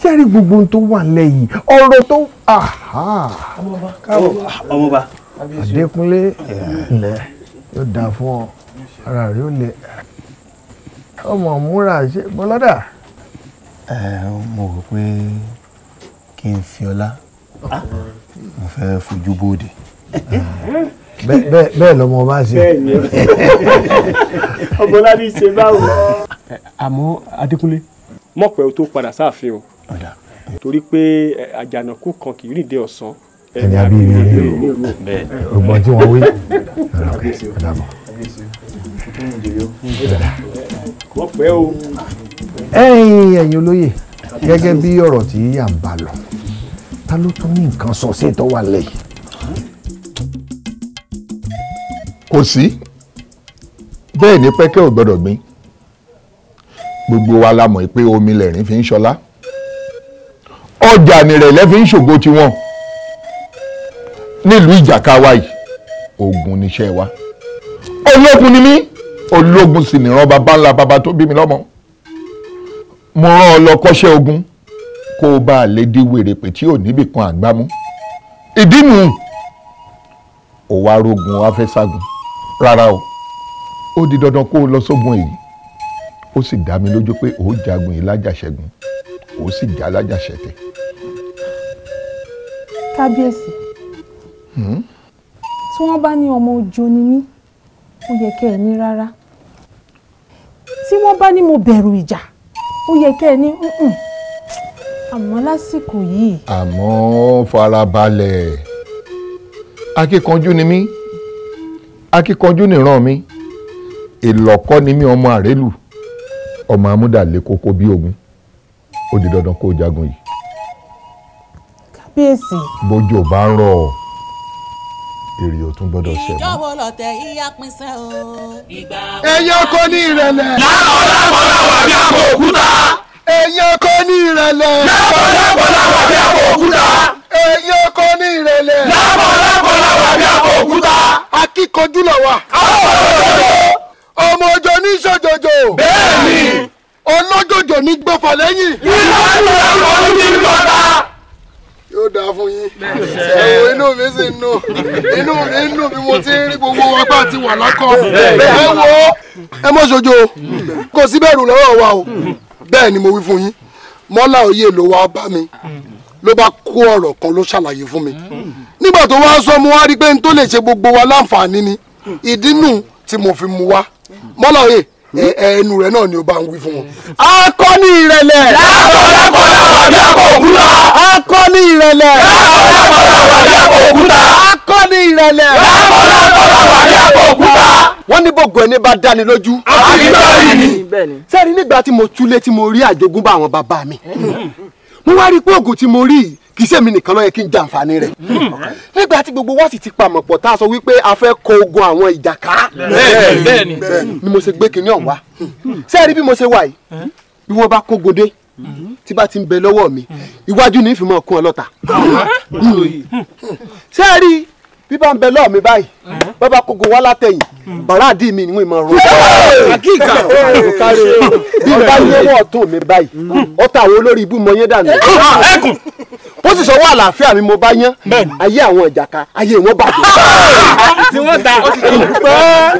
ṣé rí gbogbo ohun tó wà lẹ́yìn ọ̀rọ̀ tó. ọmọba. adékúnlé lẹ yóò dáa fún ọ ara rẹ ó lẹ ọmọ múra ṣe bọlọ́dà. ẹ mo rò pé kí n fi ọlá ah. mo fẹ́ fojú bóde.
*laughs* bẹ́ẹ̀
lọmọ bá ṣe. ọmọládé ṣe báwo. àmọ́ adékúnlé. mọ̀pẹ́ o tó padà sáàfin o torí pé àjànàkú kan kì í rìndé ọ̀sán ẹni àbí ọgbọ́n tí wọ́n wí. mọ̀pẹ́ o. ẹ̀yin ẹ̀yin olóye gẹ́gẹ́ bí ọ̀rọ̀ tí yà ń bá lọ ta ló tún ní nǹkan sọ sí ìtọ́wà lẹ́yìn. kò sí bẹ́ẹ̀ ni pẹ́kẹ́ ò gbọ́dọ̀ gbin gbogbo wa la mọ̀ pé omi lẹ̀rín fi ń ṣọlá ọjà nìrẹ̀lẹ̀ fi ń ṣògo tiwọn nílùú ìjàká wa yìí ogun níṣẹ́ wa ológun ni mí ológun sì nìran bàbá ńlá bàbá tó bí mi lọ́mọ mo rán ọ lọ kọ́ṣẹ́ ogun kó o bá a lè di wèrèpè tí ò níbì kan àgbámú ìdí nù ó wá rógun wá fẹ́ ságun rárá o ó di dandan kó o lọ sógun èyí ó sì dá mi lójú pé ó jagun yìí lájàṣẹ́gun ó sì já lájàṣẹ́tẹ̀.
kábíyèsí hmm? tí wọ́n bá ní ọmọ ojo ni mí ó yẹ kẹ́ ẹ ní rárá tí wọ́n bá ní mo bẹ̀rù ìjà ó yẹ kẹ́ ẹ ní àmọ́ lásìkò yìí.
àmọ́ farabalẹ̀ akíkanjú ni mí. Mm -mm akíkanjú nìran mi ìlọ́kọ́ ni mí ọmọ àrélù ọmọ amúdàlẹ́ kókó bí ogun ó di dandan kó o jagun yìí.
kábíyèsí.
bójú ò bá rọ ọ èrè ò tún gbọ́dọ̀ ṣẹ mọ́. ìjọwọ́ ìyá pinsẹ́ o. ẹyẹ kò ní ìrẹ̀lẹ̀. láàbọ̀ láàbọ̀ láwọ̀ àpò
òkúta. ẹyẹ kò ní ìrẹ̀lẹ̀. láàbọ̀ láàbọ̀ àpò òkúta. ẹyẹ kò ní ìrẹ̀lẹ̀. láàbọ̀ àbí àbò òkúta. akíkanjú là
wà. ọmọ òjò ní ìṣòjòjò. bẹ́ẹ̀ni. ọlọ́jòjò ní gbọ́fà lẹ́yìn. nígbà tí àwọn olùdí ń lọ́ta. yóò dáa fún yín. ẹ̀wọ̀n inú mi sì ń nù inú mi ń nù bí mo ti ń rí gbogbo apá àti wà lákọ̀. ẹ wo ẹ mọ̀ ṣojo kò sí bẹ̀rù lọ́wọ́ wa o bẹ́ẹ̀ ni mo wí fún yín mọ́lá òye ló wá bá mi ló bá kó ọ̀rọ̀ kan ló ṣàlàyé fún mi nígbà tó wá sọ mo wá rí pé n tó lè ṣe gbogbo wa láǹfààní ni ìdínú tí mo fi mu wá mọ́lọ́yè ẹnu rẹ̀ náà ni ó bá ń wí fún wọn.
akọni ìrẹ̀lẹ̀. akọni ìrẹ̀lẹ̀. akọni ìrẹ̀lẹ̀.
wọ́n ní bògùn ẹni bá dáni lójú. àbí bẹ́ẹ̀ ni. sẹ́ni nígbà tí mo túlé tí mo rí àjogúnbá àwọn bàbá mi mo wá rí i pé oògùn tí mo rí yìí kì í ṣèmi nìkan ló yẹ kí n jàǹfààní rẹ̀. Hmm. Hmm. nígbà tí gbogbo wa sì ti pa mọ̀pọ̀ tá a sọ wípé a fẹ́ kọ ogun àwọn ìjàká. bẹ́ẹ̀ni hmm. ni mo ṣe gbé kinní ọ̀hún wá. ṣé ẹ rí bí mo ṣe wà yìí bí wọ́n bá kó godé tí bá ti ń bẹ lọ́wọ́ mi iwájú ní ìfimọ̀ kún ọ lọ́ta. ṣé ẹ rí bí bá ń bẹ lọ́ọ̀ mi báyìí mm-hmm. bàbá kogo wá látẹ̀yìn mm-hmm. bàrá àdí mi níwọ̀n ìmọ̀ ọ̀rọ̀ bí bá yẹ wọ́n tó mi báyìí mm-hmm. ọ̀tá àwọn olórí ibú mọ yẹn dànù. Ah, ah, ẹkùn bó sì sọ wọ́n àlàáfíà mi mo bá yán ayé àwọn ìjàka ayé wọn bàjẹ́. Ah, tí wọ́n ta ó ti tó.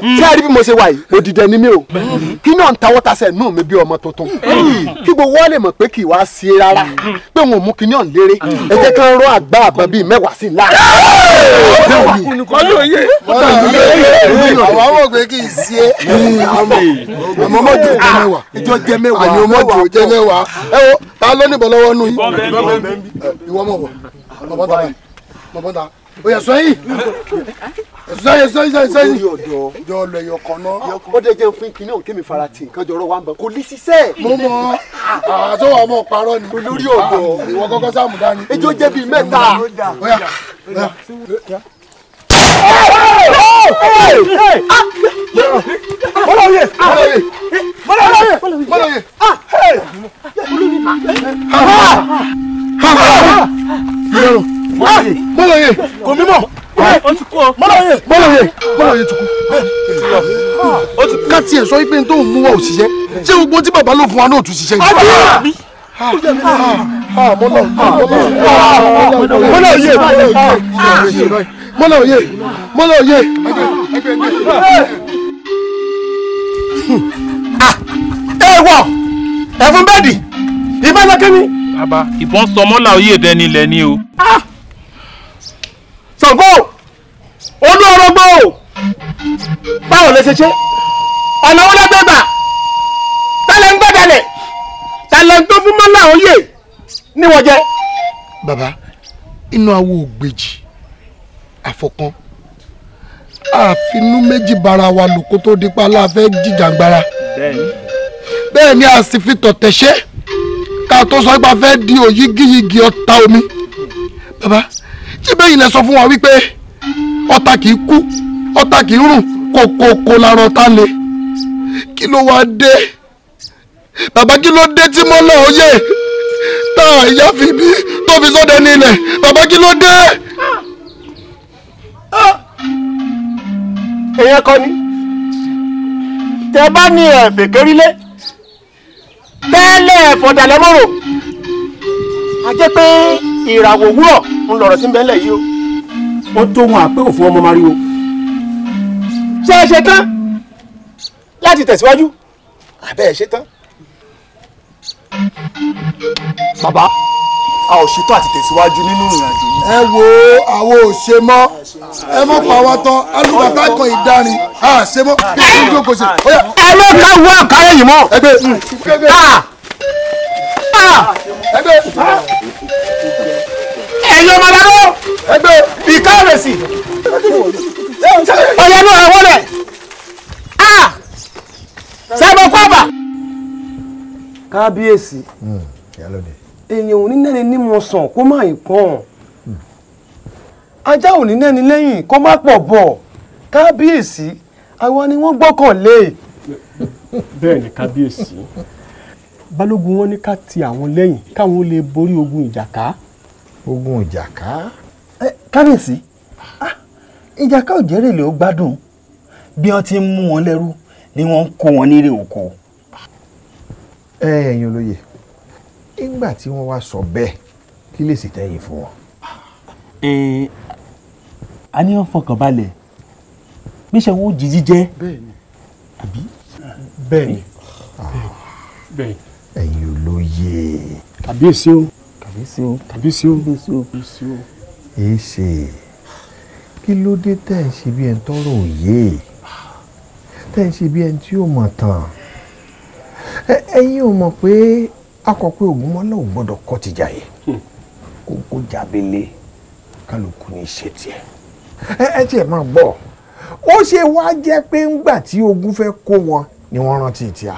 Mm. tí a rí bí mo ṣe wà yìí òdìdẹ ni mí o kí náà ń tawọ́ tasẹ̀ nù mí bí ọmọ tuntun mm. kí gbogbo wọ́n lè mọ̀ pé kì í wá sí i rárá mm. pé wọn ò mú kí náà léré ẹ jẹ́ ká ń rọ àgbà àbọ̀ mẹ́wàá sí i láàrin kọ́lù òye àwọn àwọn ògbé kì sọyìn sọyìn sọyìn sọyìn sọyìn jọ lọ ẹyọ kan náà. ó dé jẹun fún kinní òkè mi fara tì nǹkan jọrọ wa ń bọ kò lè ṣiṣẹ́. mo mọ àtọwọ ọmọ parọ ni. olórí ọ̀dọ́ ìwọ kọ́kọ́ sáàmù dání. ejò jẹbi mẹ́ta.
Olóyè! Olóyè! Olóyè! Olóyè!
Olóyè! Kò mímọ̀! Ó ti kú ọ. Mọ́lọ́yè! Mọ́lọ́yè! Mọ́lọ́yè ti kú. Ó ti kú. Ká tiẹ̀ sọ pé n tó ń mú wa ò ṣiṣẹ́. Ṣé gbogbo tí bàbá ló fún wa náà ò tún ṣiṣẹ́ yìí? Àdúrà! Mọ́lọ́yè!
Mọ́lọ́yè!
mọ́lá òye mọ́lá òye. èèwọ̀ ẹ̀fún bẹ́ẹ̀dì ìbọn lọ kíni. bàbá ìbọn sọ mọ́lá òye dẹni ilẹ̀ ni o. Ṣàngó ah! olú ọrọgbó báwo lè ṣe ṣe ọ̀nà wọn lọ́gbẹ́ gbà tẹ́lẹ̀ ń gbẹ́dẹ̀lẹ̀ tẹ́lẹ̀ ń tó fún mọ́lá òye níwọ̀n jẹ. bàbá inú awo ògbèjì àfọkàn àfinú méjì bara wa lò kó tó di pa láàfẹ́ jìjàngbara bẹ́ẹ̀ ni a sì fi tọ̀tẹ̀ ṣe ká tó sọ pé a fẹ́ di òyígíyigì ọta omi bàbá jíbẹ́ yìí lẹ sọ fún wa wípé ọta kì kú ọta kì rùn kòkòkò lára ọta le kí ló wá dé bàbá kí ló dé tí mọ́lá òye tá a ìyá fi bí tó fi sọ́dẹ̀ nílẹ̀ bàbá kí ló dé èèyàn ah! kọ́ ni tẹ bá ní ẹ̀fẹ̀ kérílé tẹ́lẹ̀ ẹ̀fọ̀dàlẹ́mọ̀rò a jẹ́ pé ìràwọ̀ òwúrọ̀ ń lọ̀rọ̀ sí bẹ́ẹ̀lẹ̀ yìí o ó tó wọn àpé òfin ọmọ mariwo ṣe é ṣe tán láti tẹ̀síwájú àbẹ́ ẹ̀ ṣe tán bàbá a ò ṣetán àti tẹ̀síwájú nínú ìrìnàjò yìí. ẹ wo àwọn ò ṣe mọ́ ẹ mọ́ pa wá tán alùpàtà kan ìdarin a ṣe mọ́ kí n tó gbèsè. ẹ ló ká wọ àkàrà yìí mọ́. ẹgbẹ́ ẹgbẹ́ ẹ̀yin ọmọ aláwọ̀ ẹgbẹ́ ìkárẹ̀sì ọ̀yẹ́ ní ọ̀rọ̀ wọlé sẹ́gbọ̀n kọ́ àbà. kábíyèsí. Hmm, yálò dé èèyàn ò ní nẹ́ni nímọ̀sán kó má ìpọ́n ajá ò ní nẹ́ni lẹ́yìn kó má pọ̀ bọ̀ kábíyèsí àwa ni wọ́n gbọ́kànlé. bẹ́ẹ̀ ni kábíyèsí balógun wọn ní ká ti àwọn lẹ́yìn káwọn lè borí ogun ìjàká. ogun ìjàká. ẹ kábíyèsí ah, ìjàká ò jẹ́rè lè ó gbádùn bí wọ́n ti ń mú wọn lẹ́rú ni wọ́n ń kó wọn nílé oko. ẹ ẹ̀yin olóye ńgbà tí wọ́n wá sọ bẹ́ẹ̀ kí lè sì tẹ̀yìn fún wọn. a ní wọn fọkàn balẹ̀ bí ṣe wọn ó jí jíjẹ àbí. bẹ́ẹ̀ni ah. bẹ́ẹ̀ni. olóye. kàbíyèsí o kàbíyèsí o kàbíyèsí o kàbíyèsí o. èé ṣe kí ló dé tẹ̀ ń ṣe bí ẹ̀ ń tọrọ òye tẹ̀ ń ṣe bí ẹ̀ ń tí ò mọ̀ tán ẹ̀yin ò mọ̀ pé a kọ pé Ògúnmọ́lá ò gbọ́dọ̀ kọ́ ti Jàyè hmm. kókó jábélé kálukú ní í ṣe tiẹ̀ ẹ tiẹ̀ máa gbọ́ ó ṣe wá jẹ́ pé ńgbà tí ogun fẹ́ kó wọn ni wọ́n rántí tíá.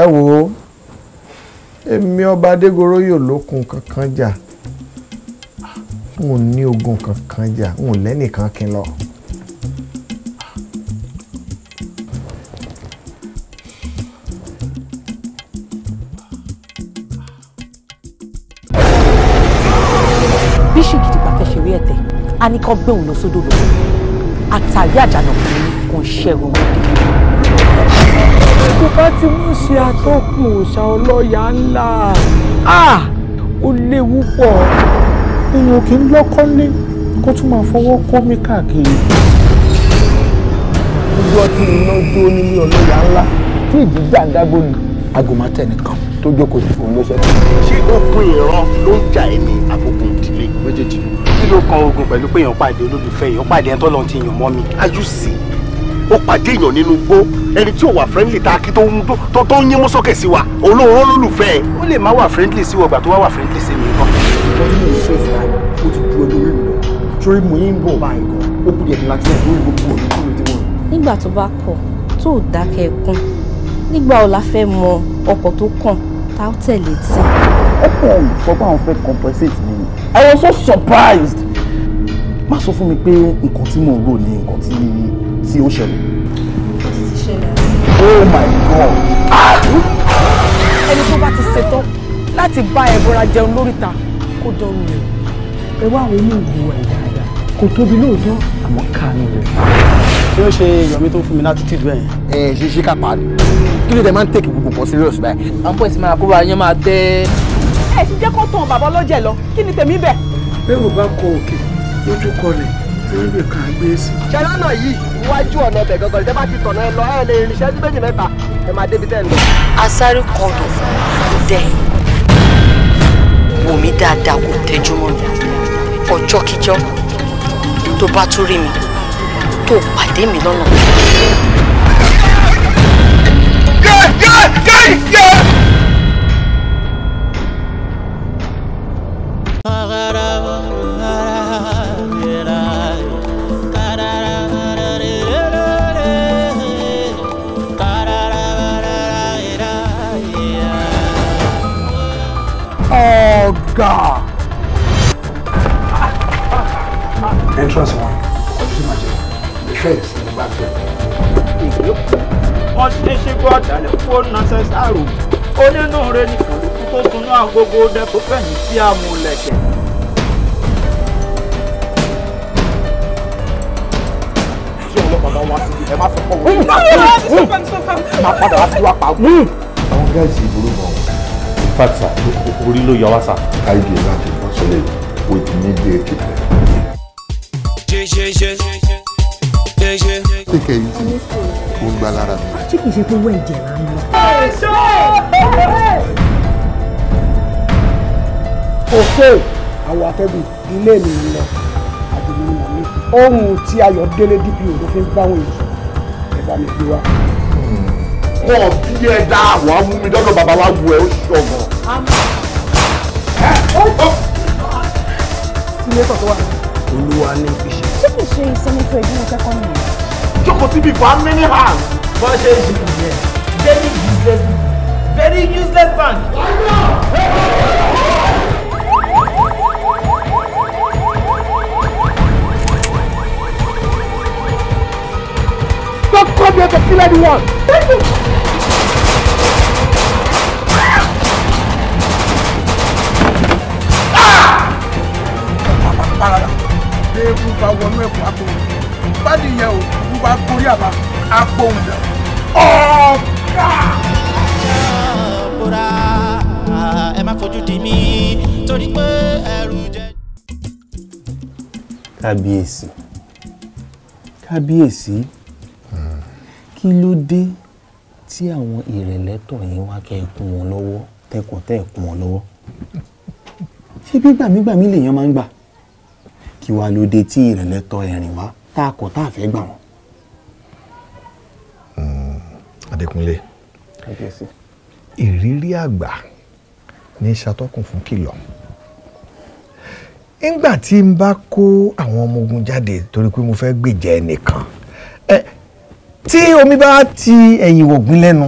ẹ wò ó èmi ọba adégoro yóò lókun kankan jà n ò ní ogun kankan jà n ò lẹ́nìkan kí n lọ.
a ní kó gbé òun lọ sódò lọ àtàrí àjànà kò ń ṣẹ̀rọ ọmọdé. kò bá ti mú ṣe atọ́kùn òòṣà ọlọ́yà ńlá ó léwu pọ̀ èèyàn kì í lọ́kọ́ ní kó tún máa fọwọ́ kó
mi káàkiri. ojú ọtí iná jó nílé ọlọ́yà ńlá tí ìdí jàǹdà gbòòlù agomọtẹ nìkan tó jókòó sí fún lóṣẹ. ṣé okun ìran ló ń jà ẹni àgbogbo ìdílé méjèèjì kí ló kan ogun pẹ̀lú pé èèyàn pàdé olólùfẹ́ èèyàn pàdé ẹni tọ́lọ́run ti yàn mọ́ mi ajú sí i ó pàdé èèyàn nínú igbó ẹni tí ò wà friendly ta kí tó ń tó ń yín mú sókè sí wa olóhùn olólùfẹ́ ẹ̀. ó lè má wà friendly sí wọgbà tó wá wà friendly sí mi nǹkan. ìjọ nínú ìfẹ́ ìsìn àná ó ti ju olórí mi lọ sórí mo yín ń bọ̀ báyìí gan ó kù díẹ̀ kí n láti ẹ̀ lórí gbogbo òní kúrò tí mo rìn.
nígbà tó bá kọ̀ tó dákẹ́ ẹkún nígbà wo fẹ́ mọ ọkọ̀ tó kàn tá ó tẹ̀lé tì.
ẹ kàn ń sọ pé àwọn compensate mi I was so surprised. má sọ fún mi pé nǹkan tí mò ń rò ni nǹkan tí ó ṣẹlẹ̀. nǹkan tí
ti ṣẹlẹ̀. oh
my god. ẹni tó bá ti ṣetán láti bá ẹ̀bọra jẹun lóríta kó dọ́rùn rẹ̀. ẹ wá àwọn oníhùn ẹ̀dá kò tóbi lóòótọ́
àmọ́ káàánú rẹ̀ ṣé ó ṣe yọmí tó fún mi látítìdú ẹ̀. ẹ ṣe ṣe ká parí kí ló dé máa ń tèkì gbogbo nǹkan serious báyìí. àwọn pọ̀ ìsinmi àkóbá yẹn máa tẹ́. ẹ ṣe jẹ́ kó tàn bàbá ọlọ́jẹ̀ lọ kí ni tèmi bẹ̀. bẹ́ẹ̀ ò bá kọ òkè lójú kọlẹ̀ torí lè kà gbé sí. ṣe yìí iwájú ọ̀nà ọbẹ̀ gangan tẹ́ bá ti tọ̀nà ẹ lọ ẹ lè rìn ṣẹ́jú méjì mẹ́ta
ẹ máa débi
tó pàdé mi lọ́nà.
Yeah, yeah, yeah, yeah.
fẹ́ǹsì nígbà tó. wọ́n ti ní ṣígbó ọ̀dàlẹ̀ fún nọ́sẹ̀sàrò onínúure nìkan ló tó sunú agogo dẹ́kun fẹ̀yìn sí amúlẹ̀kẹ̀. ṣé ọlọ́pàá máa wá síbi ẹ má sọ pé òun máa padà wá síbi wá pa hmm. àwọn gáàsì ìbúrú mọ̀ ọ́. fàtà orí ló yọ wá sà. káyọ̀dé láti fọ́sọ́lẹ̀ with immediate effect kíkẹ́ yìí tí mo ń gba lára mi.
tí kì í ṣe pé
owó ẹ̀jẹ̀ là
ń lọ.
òkè àwọn akẹ́gùn ilé mi ń lọ àdùnnú mọ̀ mi ohun tí Ayọ̀délé DPO ló fi ń báwọn èèyàn ẹ bá mi gbé wá. wọn ò bí ẹ dá àwọn amúmi bàbá wa wù ẹ́ ó ṣọ̀gbọ̀n. Olúwa ní lè
ṣe ìsinmi ìgbìmọ̀ kẹ́kọ̀ọ́ nìyẹn.
jókòó síbi for how many hours. bá a ṣe é ṣe nìyẹn
very useless very useless bank.
Don't come here to kill anyone!
ewu bá wọnú
di mí torí pé ẹrù jẹ.
kábíyèsí kábíyèsí kí ló dé tí àwọn ìrẹ̀lẹ́tọ̀ yẹn wá kẹ́ wọn lọ́wọ́ tẹ́kọ̀ọ́ tẹ́ wọn lọ́wọ́ ṣé bí gbàmígbàmí lèèyàn máa ń gbà kí wàá ló dé tí ìrẹ̀lẹ̀ tọ ẹ̀rìn wá tá a kọ̀ tá a fẹ́ gbà wọ́n. Hmm, Adékúnlé ìrírí àgbà ní ṣàtọ́kùn fún kìlọ̀ nígbà tí n bá kó àwọn ọmọ ogun jáde torí pé mo fẹ́ gbèjà ẹnìkan ẹ tí omi bá ti ẹ̀yìn wọ̀gbìn lẹ́nu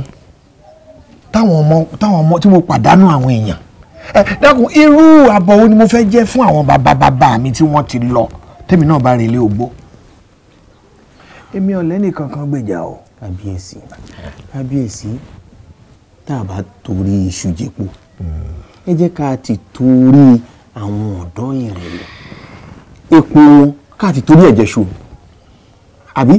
táwọn ọmọ táwọn ọmọ tí mo pàdánù àwọn èèyàn ẹ dákun irú àbọ̀ wo ni mo fẹ́ jẹ́ fún àwọn bàbá bàbá mi tí wọ́n ti lọ tèmi náà bá rìn ilé ogbó. èmi ọ̀lẹ́ nìkan kan gbèjà o. kábíyèsí kábíyèsí tá a bá torí iṣu jẹ́pọ̀ ẹ jẹ́ ká ti torí àwọn ọ̀dọ́ ìrẹ̀lẹ̀ epo wọn ká ti torí ẹ̀jẹ̀ ṣo àbí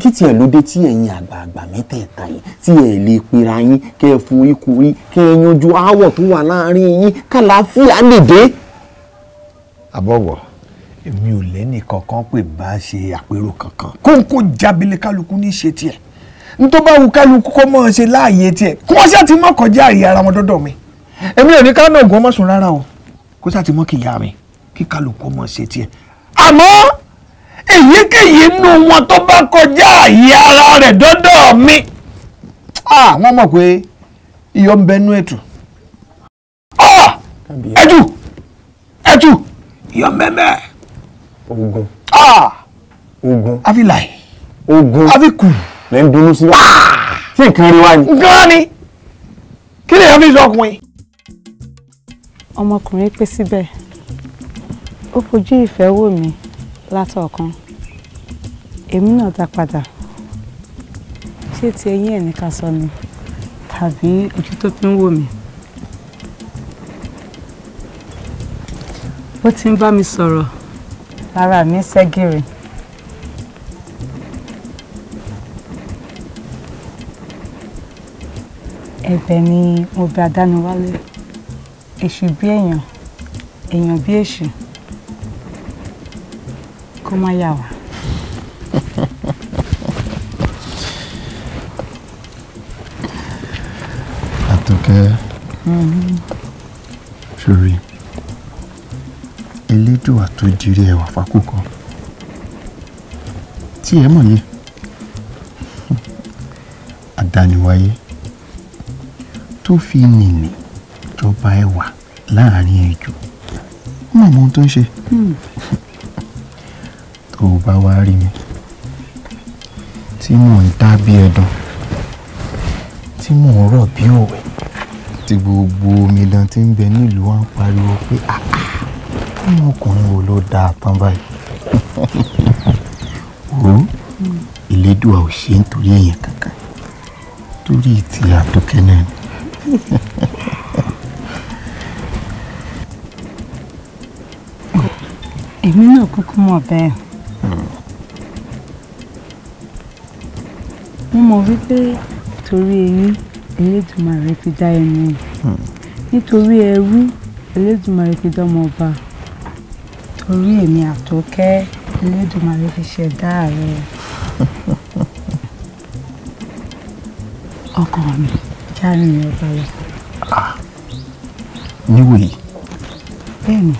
kí tiẹ̀ ló dé tí ẹ̀yin àgbààgbà mẹ́tẹ̀ẹ̀ta yìí tí ẹ̀ lè pera yín kẹ́ ẹ forí korí kẹ́ ẹ yanjú aáwọ̀ tó wà láàrin yín kàlàáfíà lè dé. àbọ̀wọ̀ èmi ò lẹ́nì kankan pé bá a ṣe àpérò kankan kóńkó jábílẹ̀ kálukú ní í ṣe tiẹ̀ n tó bá wu kálukú kó mọ̀ ọ́n ṣe láàyè tiẹ̀ kó wọ́n ṣáà ti mọ̀ kọjá àyè ara wọn dọ́dọ̀ mi èmi ò ní ká náà gún ọmọ sùn rárá o kó ṣáà kìyà mi kí kálukú mọ̀ ṣe tiẹ̀ àmọ́ èyíkéyìí nínú wọn tó bá kọjá àyè ara rẹ̀ dọ́dọ̀ mi. wọ́n mọ̀ pé iyọ̀ ń bẹnu ẹ̀tù. ẹ̀tù ẹ̀tù
iyọ̀ ń bẹ́ẹ̀ ogun.
ogun. afilayi. ogun. afiku. lẹ́ ń dunú sí wa. ṣé
nǹkan rí wa ni.
nǹkan ni kí lèèyàn fi sọ ọkùnrin. ọmọkùnrin pé síbẹ̀ ó fojú ìfẹ́ wò mí látọ̀ọ̀kan èmi náà dá padà ṣé ti eyín ẹ̀ ní ká sọ ni tàbí ojú tó fi ń wò mí. ó ti ń bá mi sọ̀rọ̀ lára mi ṣẹ́gìrì. ẹ̀bẹ̀ ni mo bẹ̀ adániwálé èṣù bí èèyàn èèyàn bí èṣù kó má yà wá.
àtúnkẹ́ sórí elédùà tó jírí ẹwà fákòkò tí ẹ mọ̀ yẹn àdániwáyé tó fi nìní jọba ẹwà láàrin ejò mọ̀ mọ́ ohun tó ń ṣe. Hmm ò bá wá rí mi tí mò ń dá bí ẹdùn tí mò ń rọ̀ bí òwe tí gbogbo omidan tí ń bẹ nílùú wa ń pariwo pé ọmọ ah, ah, ọkùnrin wo ló dáa tán báyìí *laughs* wo ìlédùà ò ṣe nítorí èèyàn kankan torí ti àtúkẹ́ náà ni.
èmi náà kúkú mọ̀ bẹ́ẹ̀. mọ̀ wípé torí eyín Elédùmarè fi dá ẹnu yìí hmm. nítorí ẹrú Elédùmarè fi dọ́mọ ọba torí èmi àtọkẹ́ Elédùmarè fi ṣẹ̀dá rẹ̀ *laughs* ọkàn mi jáde ní ọba lọ. níwò yìí. bẹ́ẹ̀ni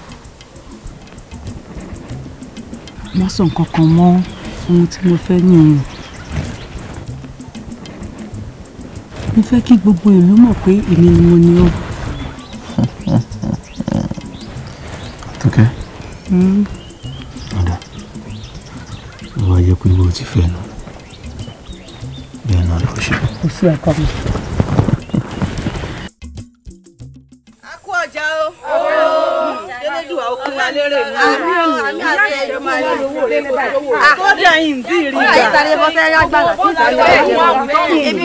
má sọ nǹkan kan mọ́ ohun tí mo fẹ́ ní òun. mo fẹ́ kí gbogbo ìlú mọ̀ pé èmi ni mo ní ọ.
tókẹ́ ọ̀dà
ló wá yẹ pé bó ti fẹ́ nu bẹ́ẹ̀ náà ló ṣe.
kò sí
ọkọ mi.
a kú ọjà o elédùà ó kún wa lérè ní àmì àmì àti ẹ̀yọ́ máa lè lówó rẹ̀
kó dé ẹ̀yìn bí ìrìn ìgbà. ó yà ìtàlẹ́ bọ́sẹ̀ yá gbàgbà kí ìtàlẹ́ bọ́sẹ̀ yá gbàgbà.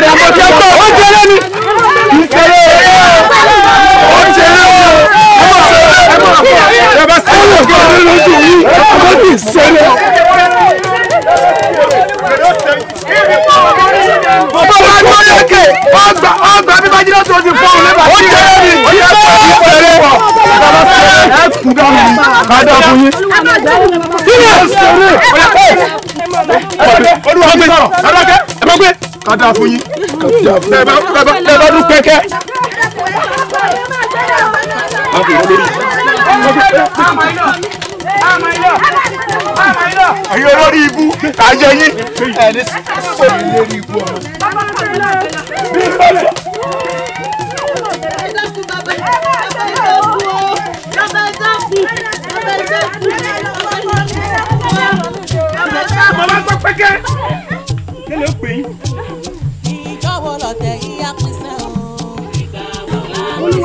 padà mo ti gbọ́ ó jẹrẹ ni. ìṣeré ó jẹrẹ o ẹ máa fọ ẹ bá sọ ọ́ kí ọdún lójú yìí ó ti ṣeré. Bàbá wa ní ọdún èké, ọgbà ọgbà bí bá jìnnà tó ti fọ́ òun lẹ́bàá. Ó jẹrẹ ni, ó yẹ kó ti fẹ́rẹ́ wọ̀. Bàbá sẹ́yìn ẹ̀ kú dánwó, ká dánwó yín. Kí ni ẹ̀
sọ̀rọ̀? Olùwàgbé, ẹ bá gbé ká dáa fún yín
bẹ́ẹ̀ bá dún pẹ́kẹ́. ayé olórí ibú ayé yín. bí bẹ́ẹ̀.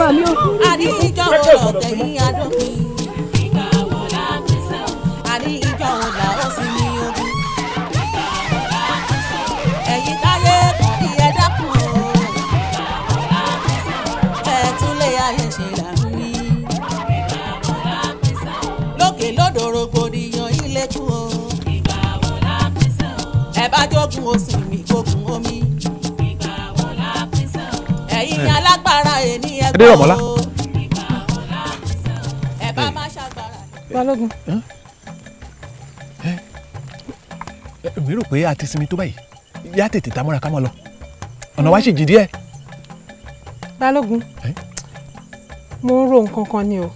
àdìjọ́ wọ̀ lọ́tẹ̀ yín adókè. ẹdẹ rọmọlá.
balógun.
mi rò pé a ti sinmi tó báyìí yá tètè tá múra ká mọ lọ ọ̀nà wa sì jì díẹ̀.
balógun mo ń ro nǹkan kan ni o.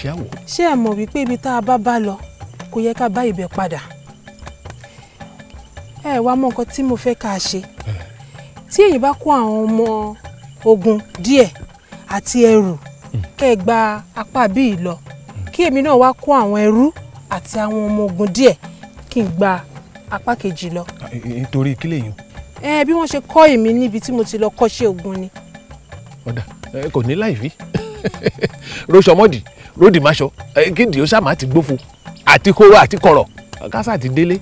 ṣé àwọ̀. ṣé ẹ mọ̀ wípé ibi tá a bá bá lọ kò yẹ ká bá ibẹ̀ padà ẹ wá mọ nǹkan tí mo fẹ́ ká ṣe tí èyí bá kó àwọn ọmọ ogun díẹ̀ àti ẹrù kẹ́ ẹ gba apá bíi lọ kí èmi náà wá kó àwọn ẹrú àti àwọn ọmọ ogun díẹ̀ kí n gba apá kejì lọ.
nítorí kí lèyàn.
ẹ bí wọ́n ṣe kọ́ èmi níbi tí mo ti lọ kọ́ṣẹ́ ogun ni.
ọ̀dà kò ní láì fi *laughs* roṣọmọdì ròdìmáṣọ kíndìí ó ṣàmà ti gbófo àti kóró àti kọ̀rọ̀ kásá ti délé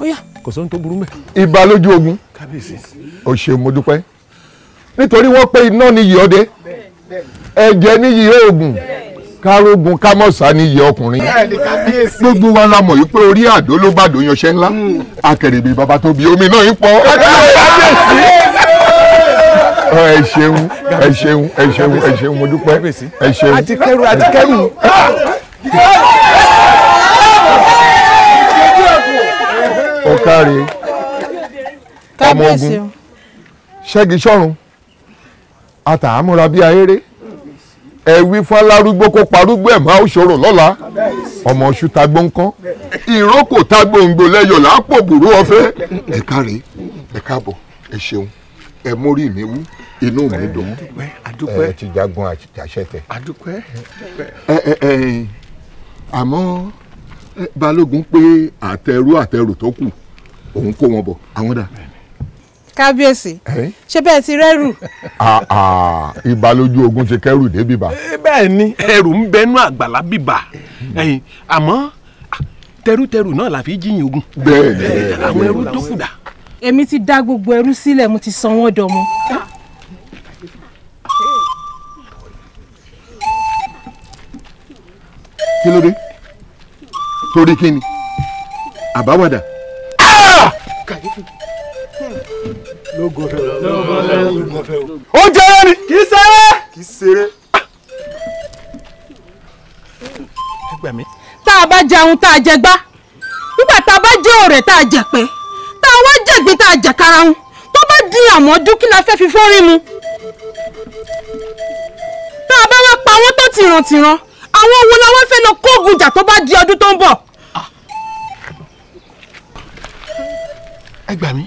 ọ̀yà kò sóhun tó burú mẹ́. ìbà lójú ogun o ṣeun mo dúpẹ́ nítorí wọ́n pé iná ni yìí ọdẹ ẹ̀jẹ̀ ni yìí oògùn kárógun kámọ́sá ni yìí ọkùnrin gbogbo wa la mọ̀ wípé orí àdó ló bá dòyan ṣẹ́ ńlá hmm. akèrègbè bàbá tó bi omi náà ń pọ̀ ẹ ṣeun ẹ ṣeun ẹ ṣeun ẹ ṣeun mo dúpẹ́ ẹ ṣeun. àti kẹrù àti ọmọ ogun ṣẹ́gi sọ́run àtàmúra bíi ahéré ẹ wí fún alárúgbó kó parúgbó ẹ máa ṣòro lọ́la ọmọ oṣù ta gbọǹkan ìrókò ta gbòǹgbò lẹ́yọ̀ lápò bùrú ọ̀fẹ́ ẹ káre ẹ káàbọ̀ ẹ ṣeun ẹ mórí mi wú inú mi dùn ẹ ti jagun àṣẹ tẹ. ẹ ẹ ẹ àmọ́ balógun pé àtẹrú àtẹrù tó kù òun kó wọn bọ̀ àwọn dà
kábíyèsí ṣé bẹ́ẹ̀ ti rẹ́rù. ibà
*laughs* ah, ah, lójú ogun ṣe kẹ́rù dé bíbà. Eh, bẹ́ẹ̀ ni ẹrù ń bẹnu àgbàlá bíbà àmọ́ ah, tẹrútẹrù náà la fi jíyìn ogun. bẹ́ẹ̀ ni eh, àwọn ẹrú tó
kù dà. èmi ti dá gbogbo ẹrú sílẹ̀ mo ti san wọ́n dọmọ. kí ló dé
torí kí ni àbáwádà lógo fẹ́ lógo fẹ́ o. ó jẹrẹ ni. kì í ṣeré. kì í ṣeré. ẹ gbà mí.
tá a bá jẹun tá a jẹ gbá nígbà tá a bá jẹ ọ̀rẹ́ tá a jẹ pẹ́ tá a wá jẹ̀gbín tá a jẹ karahun tó bá dín àmọ́jú kí la fẹ́ fi fọ́nrín mu. tá a bá wá pa wọ́n tó tìrantìran àwọn owó la wá fẹ́ lọ kóògùn jà tó bá di ọdún tó ń bọ̀.
ẹ gbà mí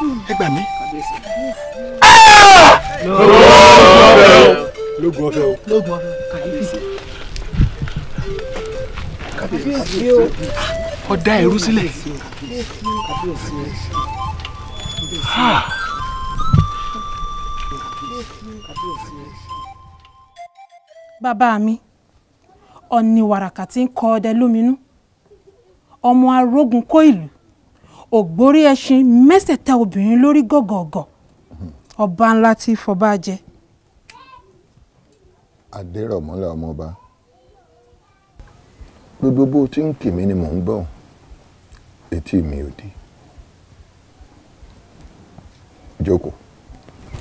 ẹ gbà mí. lógun ọ̀fẹ́ o. lógun ọ̀fẹ́ o. kàbíyèsí. kàbíyèsí o.
ó dá ẹrú sílẹ̀. kàbíyèsí o.
bàbá mi ọ̀nì wàràkà tí ń kọ ọdẹ lóminú ọmọ arógun kó ìlú ògbórí ẹṣin mẹ́sẹ̀ẹ̀ta obìnrin lórí gọ̀gọ̀gọ̀ ọba ńlá tí fọba jẹ.
adérọ̀mọ́lá ọmọọba gbogbo bó ti ń kì mí ni mò ń gbọ́ etí mi ò di jókòó.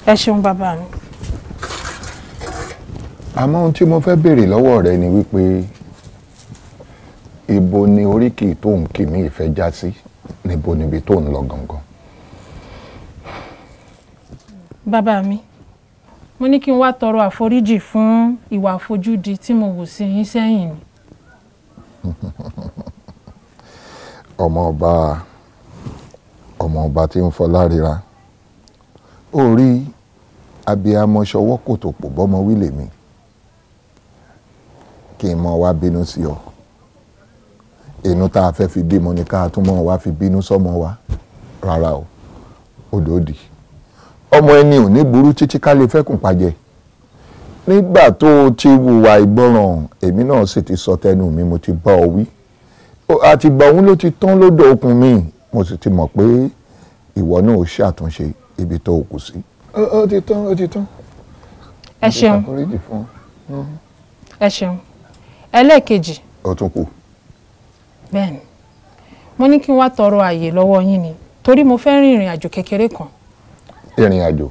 ẹ ṣeun bàbá mi.
àmọ́ ohun tí mo fẹ́ béèrè lọ́wọ́ rẹ ni wípé ibo ni oríkì tó ń kì mí ìfẹ́ já sí. Si níbo níbi tó ń lọ gangan.
bàbá mi mo ní kí n wá tọrọ àforíjì fún ìwà àfojúdi tí mo wù sí yín sẹ́yìn ni.
ọmọ ọba ọmọ ọba tí ń fọlá ó rí abiyamọ ṣọwọ́ kòtò bọ́mọ wílé mi kí n mọ wá bínú sí ọ inú tá a fẹ́ fi bímọ ni ká tún mọ́ wa fi bínú sọ́mọ wa rárá o òdòdì ọmọ ẹni ò ní burú títí ká lè fẹ́kùn pàjẹ́ nígbà tó o ti wùwà ìgbọràn èmi náà sì ti sọ tẹnu mi mo ti bá ọ wí àtìgbà òun ló ti tán lódò okùn mi mo sì ti mọ̀ pé ìwọ náà ò ṣàtúnṣe ibi tó o kù sí.
ó ti tán ó ti tán. ẹ ṣeun ẹ ṣeun ẹlẹ́ẹ̀kejì. ó kù bẹ́ẹ̀ni mo ní kí n wá tọrọ àyè lọ́wọ́ yín ni torí mo fẹ́ rin ìrìn àjò kékeré kan.
ìrìn àjò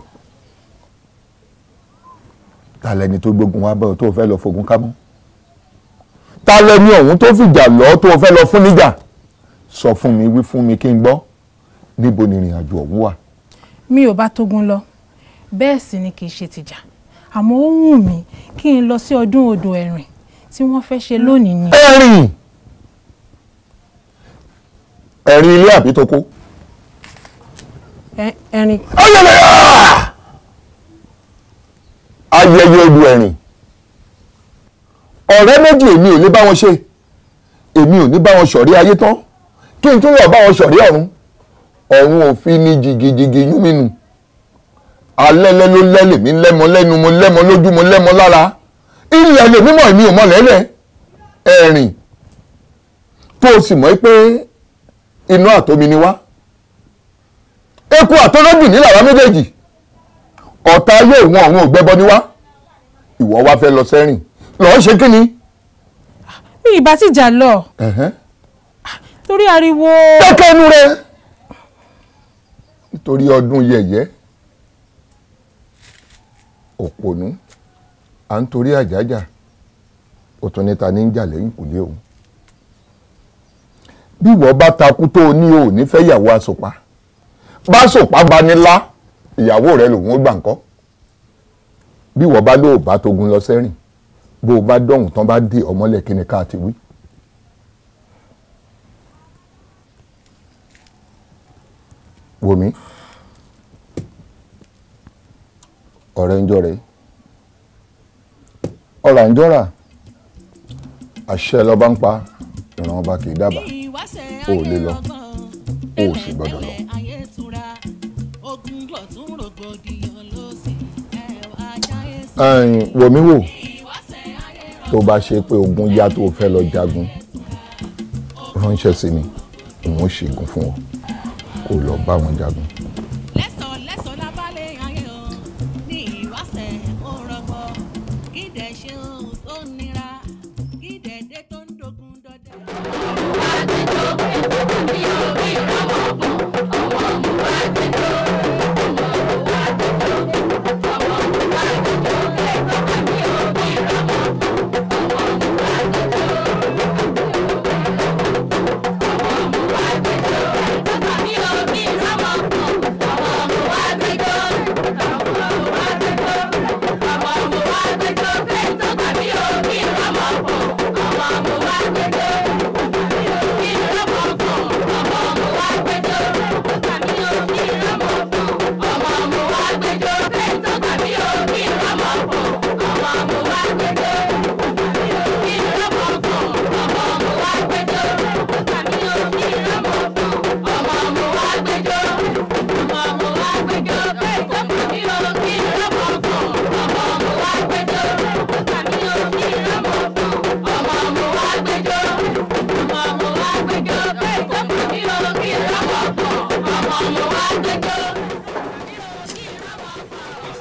ta lẹni tó gbógun wá bẹ́ẹ̀ tó o fẹ́ lọ fogun ká mọ́ ta lẹni ọ̀hún tó fìjà lọ tó o fẹ́ lọ fún níjà sọ fún mi wí fún mi kí n gbọ́ níbo ni ìrìn àjò ọ̀hún wà.
mi ò bá tógun lọ bẹ́ẹ̀ sì ni kì í ṣe tìjà àmọ́ ó wù mí kí n lọ sí ọdún odò ẹ̀rìn tí wọ́n fẹ́ ṣe lónìí ni. ẹ̀rìn. Eh,
ẹ̀rin ilé àbí tó kó. ẹ̀rin. ayẹyẹ ayẹyẹ odò ẹ̀rin
ọ̀rẹ́ méjì èmi ò ní bá wọn ṣe
èmi ò ní bá wọn ṣọ̀rí ayé tán kí n tún lọ bá wọn ṣọ̀rí ọ̀run ọ̀run òfin ni jìgìjìgì yún mi nù alẹ́lẹ́ ló lẹ́lẹ̀ mi lẹ́mọ lẹ́nu mo lẹ́mọ lójú mo lẹ́mọ lára ilẹ̀ lèmi mọ̀ mi ò mọ̀ lẹ́lẹ̀ ẹ̀rìn tó o sì mọ̀ pé inú àtomi ni wá eku àtọ́lọ́jù nílàwá méjèèjì ọ̀tá ayé ìwọ̀n ọ̀hún ògbẹ́bọ ni wá ìwọ wá fẹ́ lọ sẹ́rìn lọ́ọ́ ṣe kí ni.
mi ìbá ti jà lọ torí ariwo. dákẹ́ ẹnu rẹ
nítorí ọdún yẹ̀yẹ́ òpònú à ń torí àjájà òtún níta ní ń jà lẹ́yìn kùlé òun bí ìwọ bá takú tó o ní o ò ní fẹ́ yàwó àsopá bá sòpá bá nílá ìyàwó rẹ lòun ó gbà ńkọ́ bí ìwọ bá lóò bá togun lọ sẹ́rìn bó o bá dọ̀hùn tán bá dé ọmọlẹ̀ kíni ká ti wí. wòmí ọ̀rẹ́ ń jọ̀rẹ́ ọ̀rà ń jọ̀rà àṣẹ lọ́ba ń pa ìran ọba kì í dábàá o ò lè lọ o ò sì gbọdọ̀ lọ. wọ̀mí wò tó bá ṣe pé ogun yá tó fẹ́ lọ jagun ránṣẹ́ sí mi òun ó ṣègùn fún ọ kó lọ bá wọn jagun. ìwáṣẹ̀ ó Río, río, río.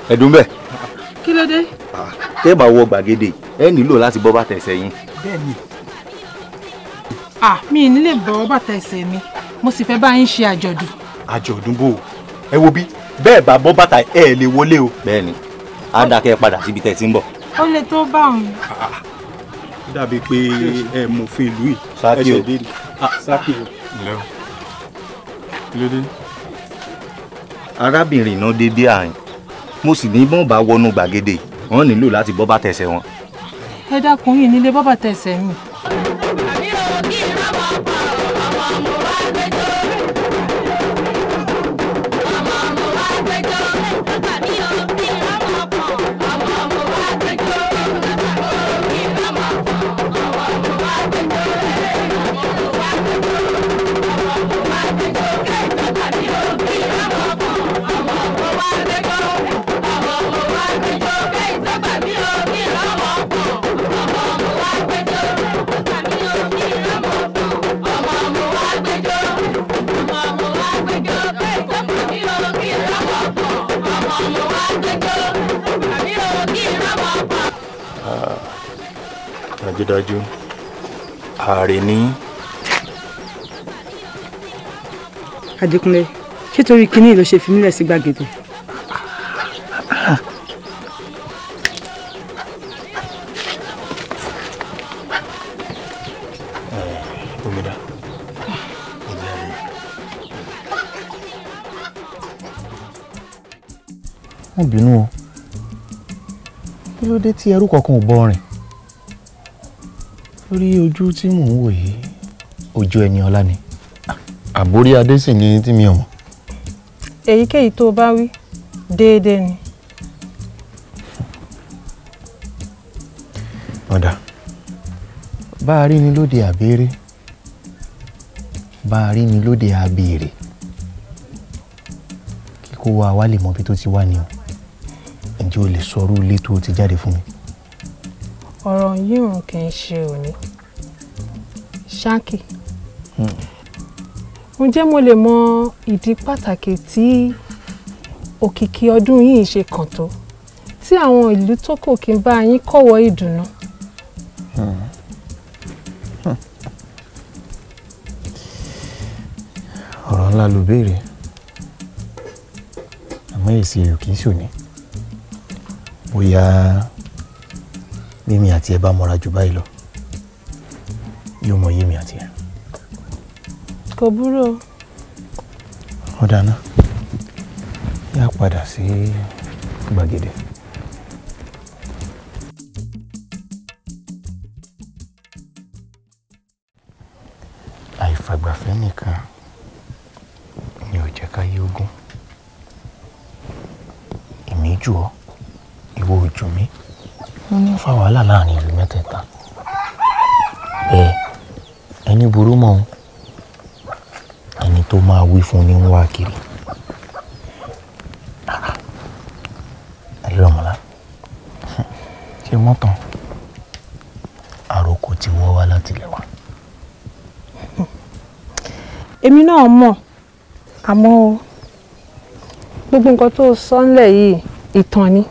ẹ̀dùn bẹ́ẹ̀. kí ló dé. tẹ́ ẹ bá wọ gbàgede ẹ nílò láti bọ́ bàtà ẹsẹ̀ yín.
bẹ́ẹ̀ni ah mi ní lè bọ́ bàtà ẹsẹ̀ mi mo sì fẹ́ bá yín ṣe àjọ̀dún.
àjọ̀dún bò ó ẹ wo bí bẹ́ẹ̀ bá bọ́ bàtà ẹ lè wọlé o. bẹ́ẹ̀ni á dákẹ́ padà síbi tẹ́ ẹ ti ń bọ̀.
ó lè tó bá òun. ó
dàbí pé ẹ mọ òfin ìlú yìí. sákì o sákì o. lẹ́wọ̀n kí ló dé. arábìnrin náà dé dé àárín mo sì ní bọ́n bá wọnú gbàgede wọ́n nílò láti bọ́ bàtà
ẹsẹ̀ wọn.
ẹ dákun yìí nílé bọ́ bàtà ẹsẹ̀ mi.
dájú ààrẹ ní.
Adékúnlé ṣé torí kinní ló ṣe fi mílẹ̀ sí gbàgede.
má bínú o kí ló dé tí ẹrú kankan ò bọ rìn lórí ojú tí mò ń wò yìí ojú ẹni ọlá ni. àbórí adé sì ni tí mi ò mọ̀.
èyíkéyìí
tó o bá wí déédéé ni.
ọ̀dà bá a rí ni lóde àbèrè bá a rí ni lóde àbèrè kíkó wa wá lè mọ ibi tó ti wá ni o ǹjẹ́ o lè sọ irú ilé tó o ti jáde fún mi
ọ̀rọ̀ yíyùn kì í ṣe òní ṣáàkì ǹjẹ́ hmm. mo lè mọ ìdí pàtàkì tí òkìkí ọdún yìí ṣe kàn tó tí àwọn ìlú tó kò kí n bá yín kọ̀wọ́ ìdùnnú.
Hmm. Hmm.
ọ̀rọ̀ ńlá ló béèrè àmọ́ èsì rẹ̀ kì í ṣòní bóyá. Ya bí mi àti ẹ bá mọra jù báyìí lọ yóò mọ iye àti ẹ.
kò burú o.
ó dáná yá padà sí gbàgede. àìfàgbàfẹ́ nìkan ni ò jẹ́ ká yí ogún èmi jù ọ́ ìwọ ò jù mí wọ́n ní fa wàhálà láàrin ìlú mẹ́tẹ̀ẹ̀ta bẹ́ẹ̀ ẹni burú mọ́ ẹni tó máa wí fún ni ń wá kiri ẹlọmọlá ṣe mọ́tàn àròkò ti wọ́ wá láti ilẹ̀ wa.
èmi náà mọ̀ àmọ́ gbogbo nǹkan tó sọ ńlẹ̀ yìí ìtàn ni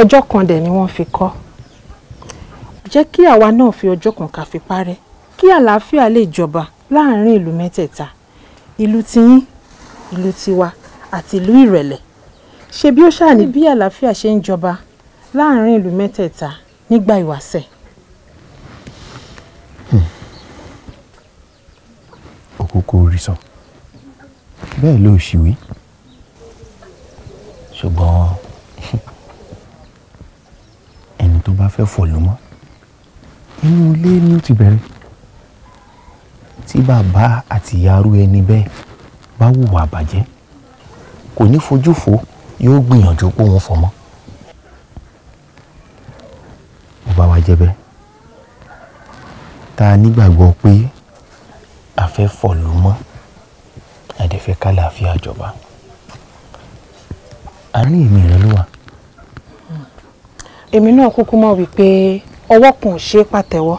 ọjọ́ kan dẹ̀ ni wọ́n fi kọ́ jẹ́ kí àwa náà fi ọjọ́ kan ká fi parẹ́ kí àlàáfíà lè jọba láàárín ìlú mẹ́tẹ̀ẹ̀ta ìlú tiyín ìlú tiwa àti ìlú ìrẹ̀lẹ̀ ṣe bí ó ṣáà ní bí àlàáfíà ṣe ń jọba láàárín ìlú mẹ́tẹ̀ẹ̀ta nígbà ìwàṣẹ̀.
òkúkú hmm. orí sọ bẹ́ẹ̀ ló ṣì wí ṣùgbọ́n. *laughs* tó bá fẹ́ fọ̀ ló mọ́ inú ilé ni ó ti bẹ̀rẹ̀ tí bàbá àti ìyá arú ẹni bẹ́ẹ̀ bá hùwà bàjẹ́ kò ní fojú fò yóò gbìyànjú pé òun fọ̀ mọ́ ó bá wa jẹ́ bẹ́ẹ̀ tá a nígbàgbọ́ pé a fẹ́ fọ̀ ló mọ́ àdẹ́fẹ́ kálàáfíà jọba àárín èmi rẹ ló wà
èmi náà kúkú mọ̀ wípé ọwọ́ kan ò ṣe é pàtẹ́wọ́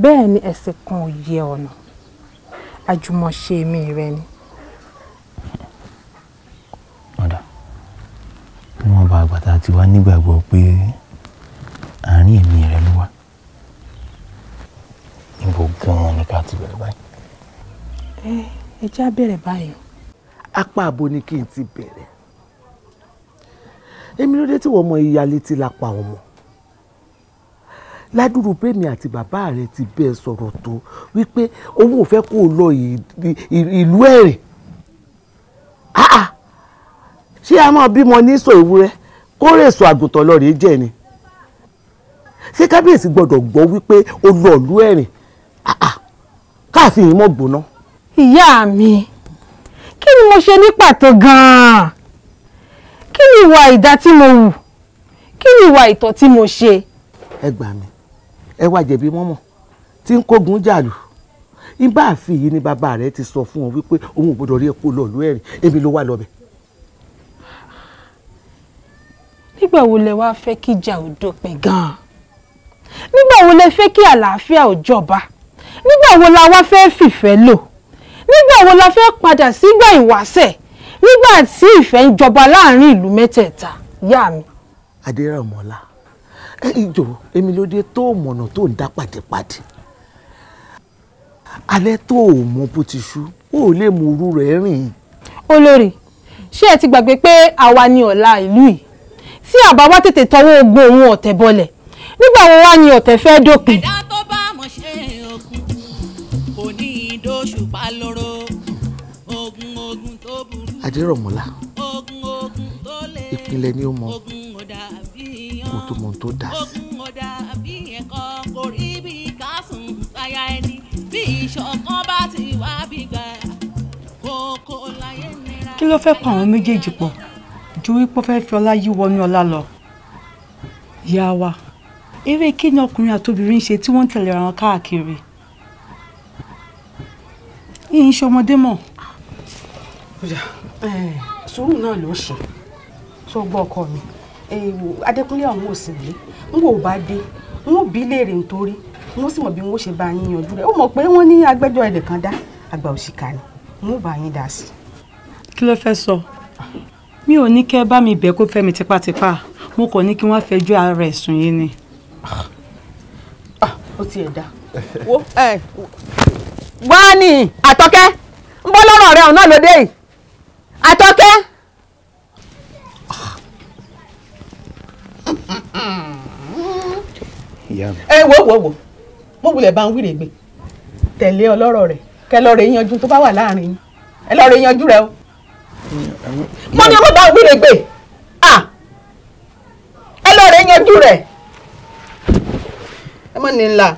bẹ́ẹ̀ ni ẹ̀sìn kan ò yẹ ọ̀nà àjùmọ̀ṣe mi rẹ ni.
ọ̀dà wọn bá àgbàtà ti wá nígbàgbọ́ pé àárín èmi rẹ ló wà níbo gan-an ni ká ti bẹ̀rẹ̀ báyìí.
ẹ ẹ já bẹ̀rẹ̀ báyìí. apá àbò ni kí n ti
bẹ̀rẹ̀
èmi ló dé tí wọ́n mọ ìyálé ti la pa ọmọ ládùúrú bẹ́ẹ̀mi àti bàbá rẹ̀ ti bẹ́ẹ̀ sọ̀rọ̀ tó wípé òun ò fẹ́ kó o lọ ìlú ẹ̀rìn ṣé a máa bímọ ní sọ ewúrẹ́ kórè sọ àgùntàn lọ rèé jẹ ni ṣé kábíyèsí gbọ́dọ̀ gbọ́ wípé o lọ ìlú ẹ̀rìn
káàfin yìí mọ̀ gbóná. ìyá mi kí ni mo ṣe ní pàtó gan-an kí ni ìwà ìdá tí mo wù kí ni ìwà ìtọ̀ tí mo ṣe. ẹ gbà mí ẹ wá jẹ̀bi mọ́mọ́ tí ń kógun jàlù
ìbá àfi yìí ni bàbá rẹ ti sọ fún ọ wípé òun ò gbọdọ̀ rí epo lọ́ọ̀lú ẹ̀rìn èmi ló wà lọ́bẹ̀.
nígbà wo lẹ wáá fẹ́ kí ìjà ò dópin gan-an nígbà wo lẹ fẹ́ kí àlàáfíà ò jọba nígbà wo la wá fẹ́ fìfẹ́ lò nígbà wo la fẹ́ padà sígbà ìwàṣẹ̀ nígbà tí ìfẹ́ ń jọba láàrin ìlú mẹ́tẹ̀ẹ̀ta yá mi. adéràmọ́lá ìjọ èmi ló dé tó mọ̀nà tó ń dá pàdépàdé alẹ́ tó o mọ bó ti ṣú o lè mú irú rẹ̀ rìn. olórí ṣé ẹ ti gbàgbé pé àwa ni ọ̀la ìlú yìí tí àbá wa tètè tọwọ́ ogun òun ọ̀tẹ̀ bọlẹ̀
nígbà wo wá ni ọ̀tẹ̀ fẹ́ dópin. ẹ̀dá tó adérọ̀mọ́lá
ìpínlẹ̀ ni ó mọ kó tó mọ tó dà
sí.
kí ló fẹ́ pa àwọn méjèèjì pọ̀ ju wípé ó fẹ́ẹ́ fi ọlá yí wọnú ọlá lọ yá wa eré kí ni ọkùnrin àtobìnrin ń ṣe tí wọ́n ń tẹ̀lé ara wọn káàkiri yìí ń mọ̀. Yeah. Eh,
sùúrù náà ló ṣe tó gbọ́ ọkọ mi eh, adékúnlé ọ̀hún ò sì lé n kò bá dé n ó bí léèrè nítorí n ó sì mọ̀ bí wọ́n ṣe bá yín yanjú rẹ̀ ó mọ̀ pé wọ́n ní agbẹ́jọ́ ẹ̀dẹ̀ kan dá àgbà òṣìkà ni n ó bá yín dá sí.
kí ló fẹ́ sọ mi ò ní kẹ́ bá mi bẹ̀ kó fẹ́ mi tipátipá mo kàn ní kí wọ́n fẹjọ́ ara ẹ̀ sùn yín ni.
Ah, ó tiẹ̀ dá wo eh, wá ní àtọ́kẹ́ ń bọ́ lọ́rọ̀ rẹ̀ ọ̀nà lóde yìí àtọ́kẹ́. ẹ wo wo wo mo wulẹ̀ bá ń wíre gbé tẹ̀lé ọlọ́rọ̀ rẹ̀ kẹ lọ́ọ́ rẹ̀ yanjú tó bá wà láàrin yín ẹ lọ́ọ́ rẹ̀ yanjú rẹ o. mo ní ọmọ bá ń wíre gbé ẹ lọ́ọ́ rẹ̀ yanjú rẹ̀ ẹ mọ̀ ní ńlá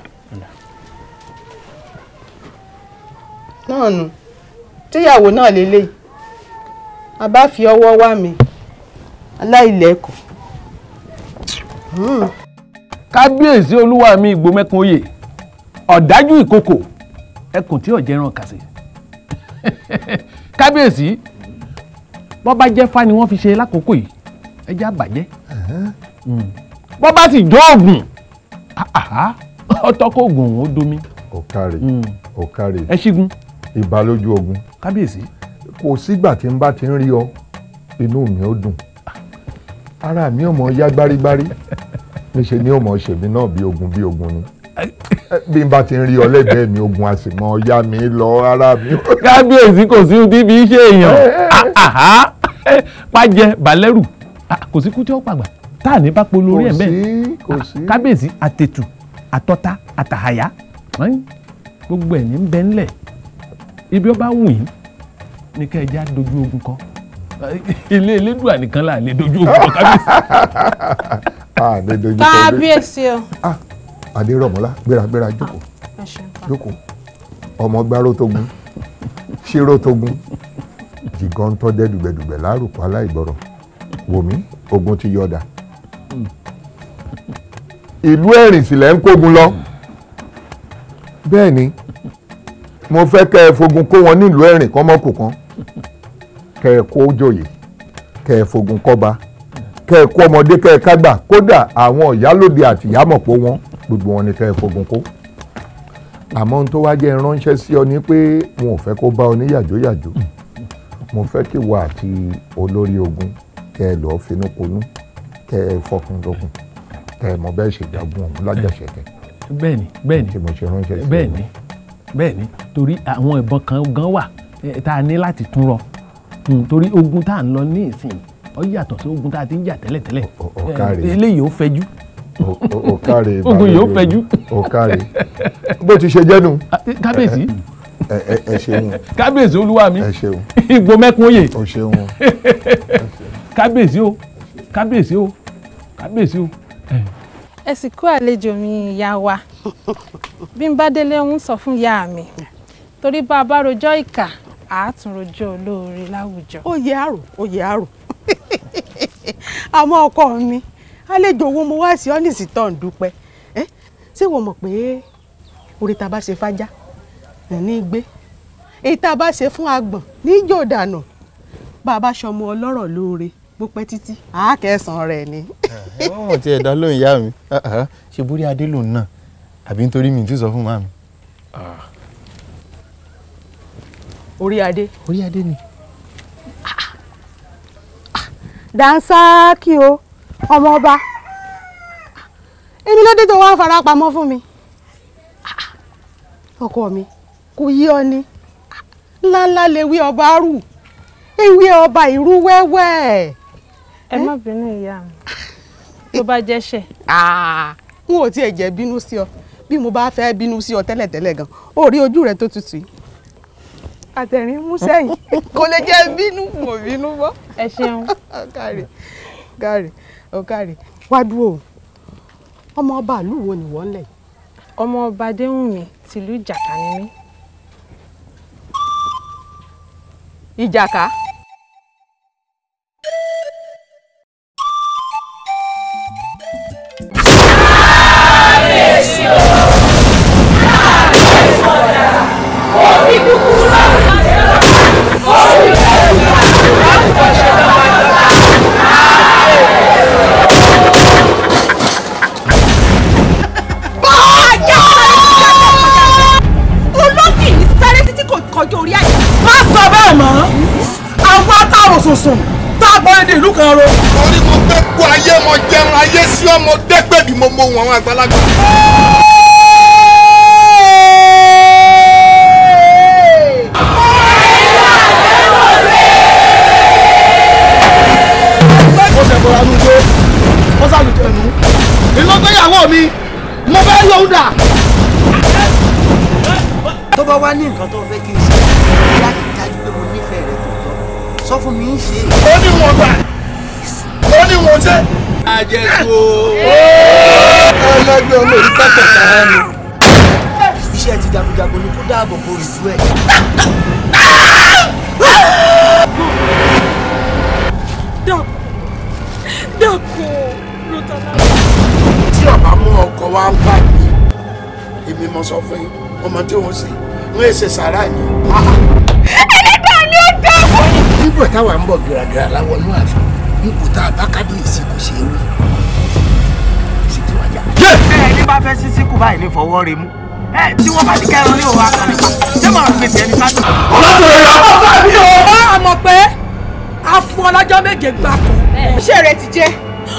náà nù tíyàwó náà lélẹ́yìí a bá fi ọwọ́ wá mi aláìlẹ́kọ̀ọ́. Hmm.
kábíyèsí olúwa mi ìgbó mẹ́kun oyè ọ̀dájú ìkòkò ẹkùn tí ọ̀jẹ̀ràn kàṣe *laughs* kábíyèsí bọ́ bá jẹ́ fá ni wọ́n fi ṣe lákòókò yìí ẹja bàjẹ́ hmm. bọ́ bá sì jó oògùn ọtọ́ kó oògùn òun ó domi. ọ̀kàrè ọ̀kàrè hmm. ẹ ṣígun. ìbálòjú ogun. kábíyèsí kò sígbà tí n bá ti ń rí ọ inú mi ó dùn ara mi ò mọ yá gbárígbárí *laughs* níṣe ni ò mọ ṣèmi náà bí ogun bí ogun ni *laughs* bí n bá ti ń rí ọ lẹ́gbẹ̀ẹ́ mi ogun a mọ yá mi lọ ara mi. kábíyèsí kò sí ibi bí ṣe èèyàn pàjẹ eh, eh, eh. ah, ah, ah. balẹ̀rù kò sí kújọ́ pàgbà tá à ní bá polórí ẹ̀ bẹ́ẹ̀ kábíyèsí àtètù àtọ́ta àtàhàyà gbogbo ẹ̀ ní bẹ́ńlẹ̀ ibi ọba wù yín ní kẹ́ ẹ já dojú ogun kọ ilé elédùà nìkan là lè dojú ogun kọ kábíyèsí. àdé dojú kọ
kábíyèsí o.
àdé rọmọlá gbéra gbéra jókòó ah, jókòó ọmọ gbárò tó gun ṣírò tó gun jìgàn tó dẹ́ dùgbẹ̀dùgbẹ̀ lárùkọ aláìgbọràn wòmí ogun ti yọ̀dà ìlú ẹ̀rìn sílẹ̀ ń kógun lọ bẹ́ẹ̀ ni mo fẹ́ kẹ́ ẹ fogun kó wọn nílùú ẹ̀rìn kọ́mọ́kù kan kẹ́ ẹ kó jòyè kẹ́ ẹ fogun kọ́ba kẹ́ ẹ kó ọmọdé kẹ́ ẹ kágbà kódà àwọn ìyálòde àti ìyámọ̀pọ̀ wọn gbogbo wọn ni kẹ́ ẹ fogun kó àmọ́ ohun tó wá jẹ́ ránṣẹ́ sí ọ ni pé wọn ò fẹ́ kó bá ọ ní yàjóyàjó mo fẹ́ kí wà àti olórí ogun kẹ́ ẹ lọ́ọ́ finúkonú kẹ́ ẹ fọkùn lókun kẹ́ ẹ mọ bẹ́ẹ̀ ṣe jagun ọ̀hún lájàṣẹ̀kẹ́. bẹ́ẹ̀ni bẹ́ẹ̀ni bẹ́ẹ̀ni bẹ́ẹ̀ni torí àwọn ìbọn kan gan wà Eh, tá a ní láti tún rọ hmm, torí ogun tá à ń lọ ní ìsìn ọ yàtọ̀ sí ogun tá a ti ń jà tẹ́lẹ̀tẹ́lẹ̀ eh, eléyìí ó fẹjú òkàrè *laughs* ogun yóò fẹjú òkàrè bó ti ṣe jẹ́nu. Ah, eh, kábíyèsí ẹ ṣeun kábíyèsí olúwa mi igbó mẹ́kún òye o ṣeun kábíyèsí o kábíyèsí o kábíyèsí o.
ẹ sì kú àlejò mi ìyá wa bí n bá délé ń sọ fún ìyá mi torí bá a bá rojọ́ ìkà àátúnrojọ́ olóore láwùjọ. ó yẹ àrò ó yẹ àrò *laughs* àmọ́ ọkọ mi àlejò owó mo wá sí ọ́nìsì tó ń dúpẹ́ ṣé wọ́n mọ̀ pé orí ta bá ṣe fájá ní gbé èyí tá a bá ṣe fún agbọ̀n níjó dànù bá a bá ṣọmọ ọlọ́rọ̀
lóore bó pẹ́ títí àákẹ́sàn rẹ̀ ni.
ọmọ tí ẹ̀dá lóyún ìyá mi ṣe bórí adé lòun náà àbí nítorí mi ì tún sọ fún màmí
orí adé. orí adé ni. dànsákì o ọmọ ọba èmi ló dé tó wá fara pamọ́ fún mi ọkọ mi kò yí ọ ni ńláńlá lè wí ọba rù ewé ọba ìrú wẹ́wẹ́. ẹ má bínú ìyá mi tó bá jẹ́ṣẹ̀. Ah, n ò tiẹ̀ jẹ́ bínú sí ọ bí mo bá fẹ́ bínú sí ọ tẹ́lẹ̀tẹ́lẹ̀ gan-an ó rí ojú rẹ tó tutù yìí àtẹ̀rín mú sẹ́yìn *laughs* kò lè jẹ́ bínú
mò bínú mọ́. ẹ ṣeun. ọ̀kàrè ọ̀kàrè ọ̀kàrè wádùú o
ọmọ ọba ìlú wo ni wọ́n lẹ̀. ọmọ ọba Adéwùnmí tìlú Ìjàkà ni mí. Ìjàkà.
Kábíyèsí o! Kábíyèsí ọ̀dà! Ó fi kúkúrú. sùn
tá a bọ́ ẹni ìlú kan ro. torí mo fẹ́ kó ayé mọ jẹun ayé sí ọmọ dẹ́gbẹ̀bí mo mọ wọn
àgbàlagbà.
ìlọgbẹ́yàwó
mi mo fẹ́ lóun dà. tó bá wá ní nǹkan tó fẹ́. sọ fún mi ṣe. ó ní wọn gbà ó ní wọn jẹ. àjẹsó.
ẹlẹgbẹ́ olórí pẹ́pẹ́ sára ni.
iṣẹ́ ti jagunjagun ni kó dáàbò bo ìlú
ẹ̀. tí ọba
mú ọkọ wa ń bá mi èmi mo sọ fún yín ọmọ tí òun sì ń èsè sàrà yìí nígbà táwa ń bọ̀ gíragíra láwọnú ààfin nípò tá a bá kábíyèsí kò ṣe é wí sí tí wàá jà. ẹ ní bá fẹ́ sí síkù báyìí ní fọwọ́ rẹ mú
ẹ tí wọ́n bá ti kẹ́ran ní òwò akọnipa ṣé
màá
fi tẹ̀ ní sáàtì. ọlọ́dún ìyá ọba mi o. bá a mọ̀ pé a fún ọlọ́jọ́ méje gbáko ṣé rẹ ti jẹ́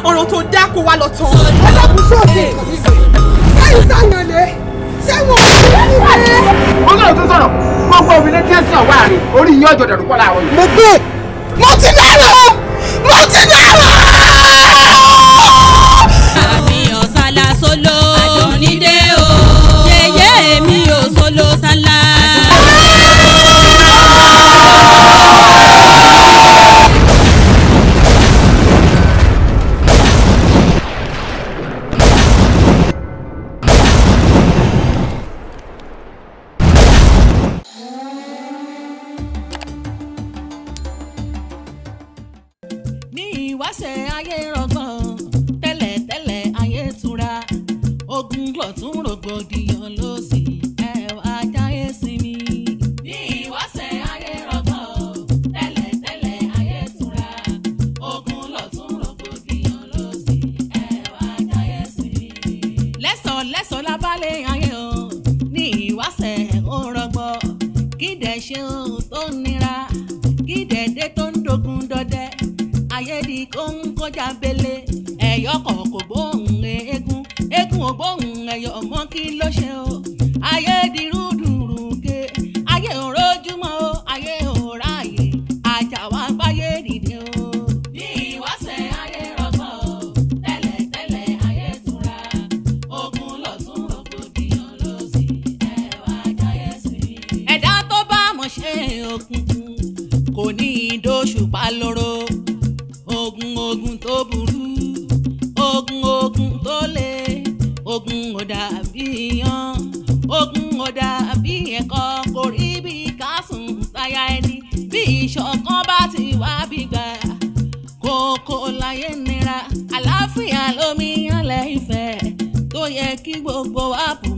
ọ̀rọ̀ tó dá kó wá lọ tán. ọlọ́kùn sọ́ọ̀sì ṣé ìsàyànlẹ̀ ṣé wọ́n ń bí wọ́n ọlọ́run tó sọ̀rọ̀
gbogbo obìnrin tí ń sàn wá rè orí yín ọjọ́ dẹ̀rù pọ̀ láàárọ̀ yìí. mo gbé e. mo ti dá
sún rògbòdìyàn ló sì ẹ̀ ajáyé sinmi. bí ìwọ́sẹ̀ ayé rọ̀gbọ̀ tẹ́lẹ̀tẹ́lẹ̀ ayé tura ogun ló tún kó ń kọjá bele ẹ̀yọ́ kọ̀ọ̀kọ̀ gbóhùn kí ló ṣe o ayé di rúdùrùnkè ayé ò o ayé ò ráàyè àjàwá gbáyé dìde o. bí ìwáṣẹ̀ ayé rọgbọ
o tẹ́lẹ̀tẹ́lẹ̀ ayé tura ogun lọ́tún
rògbòdìyàn ló sì ẹwà jáyé sí. ẹ̀dá tó bá mọ̀ ṣe òkùnkùn kò ní í lóró. We'll wa up.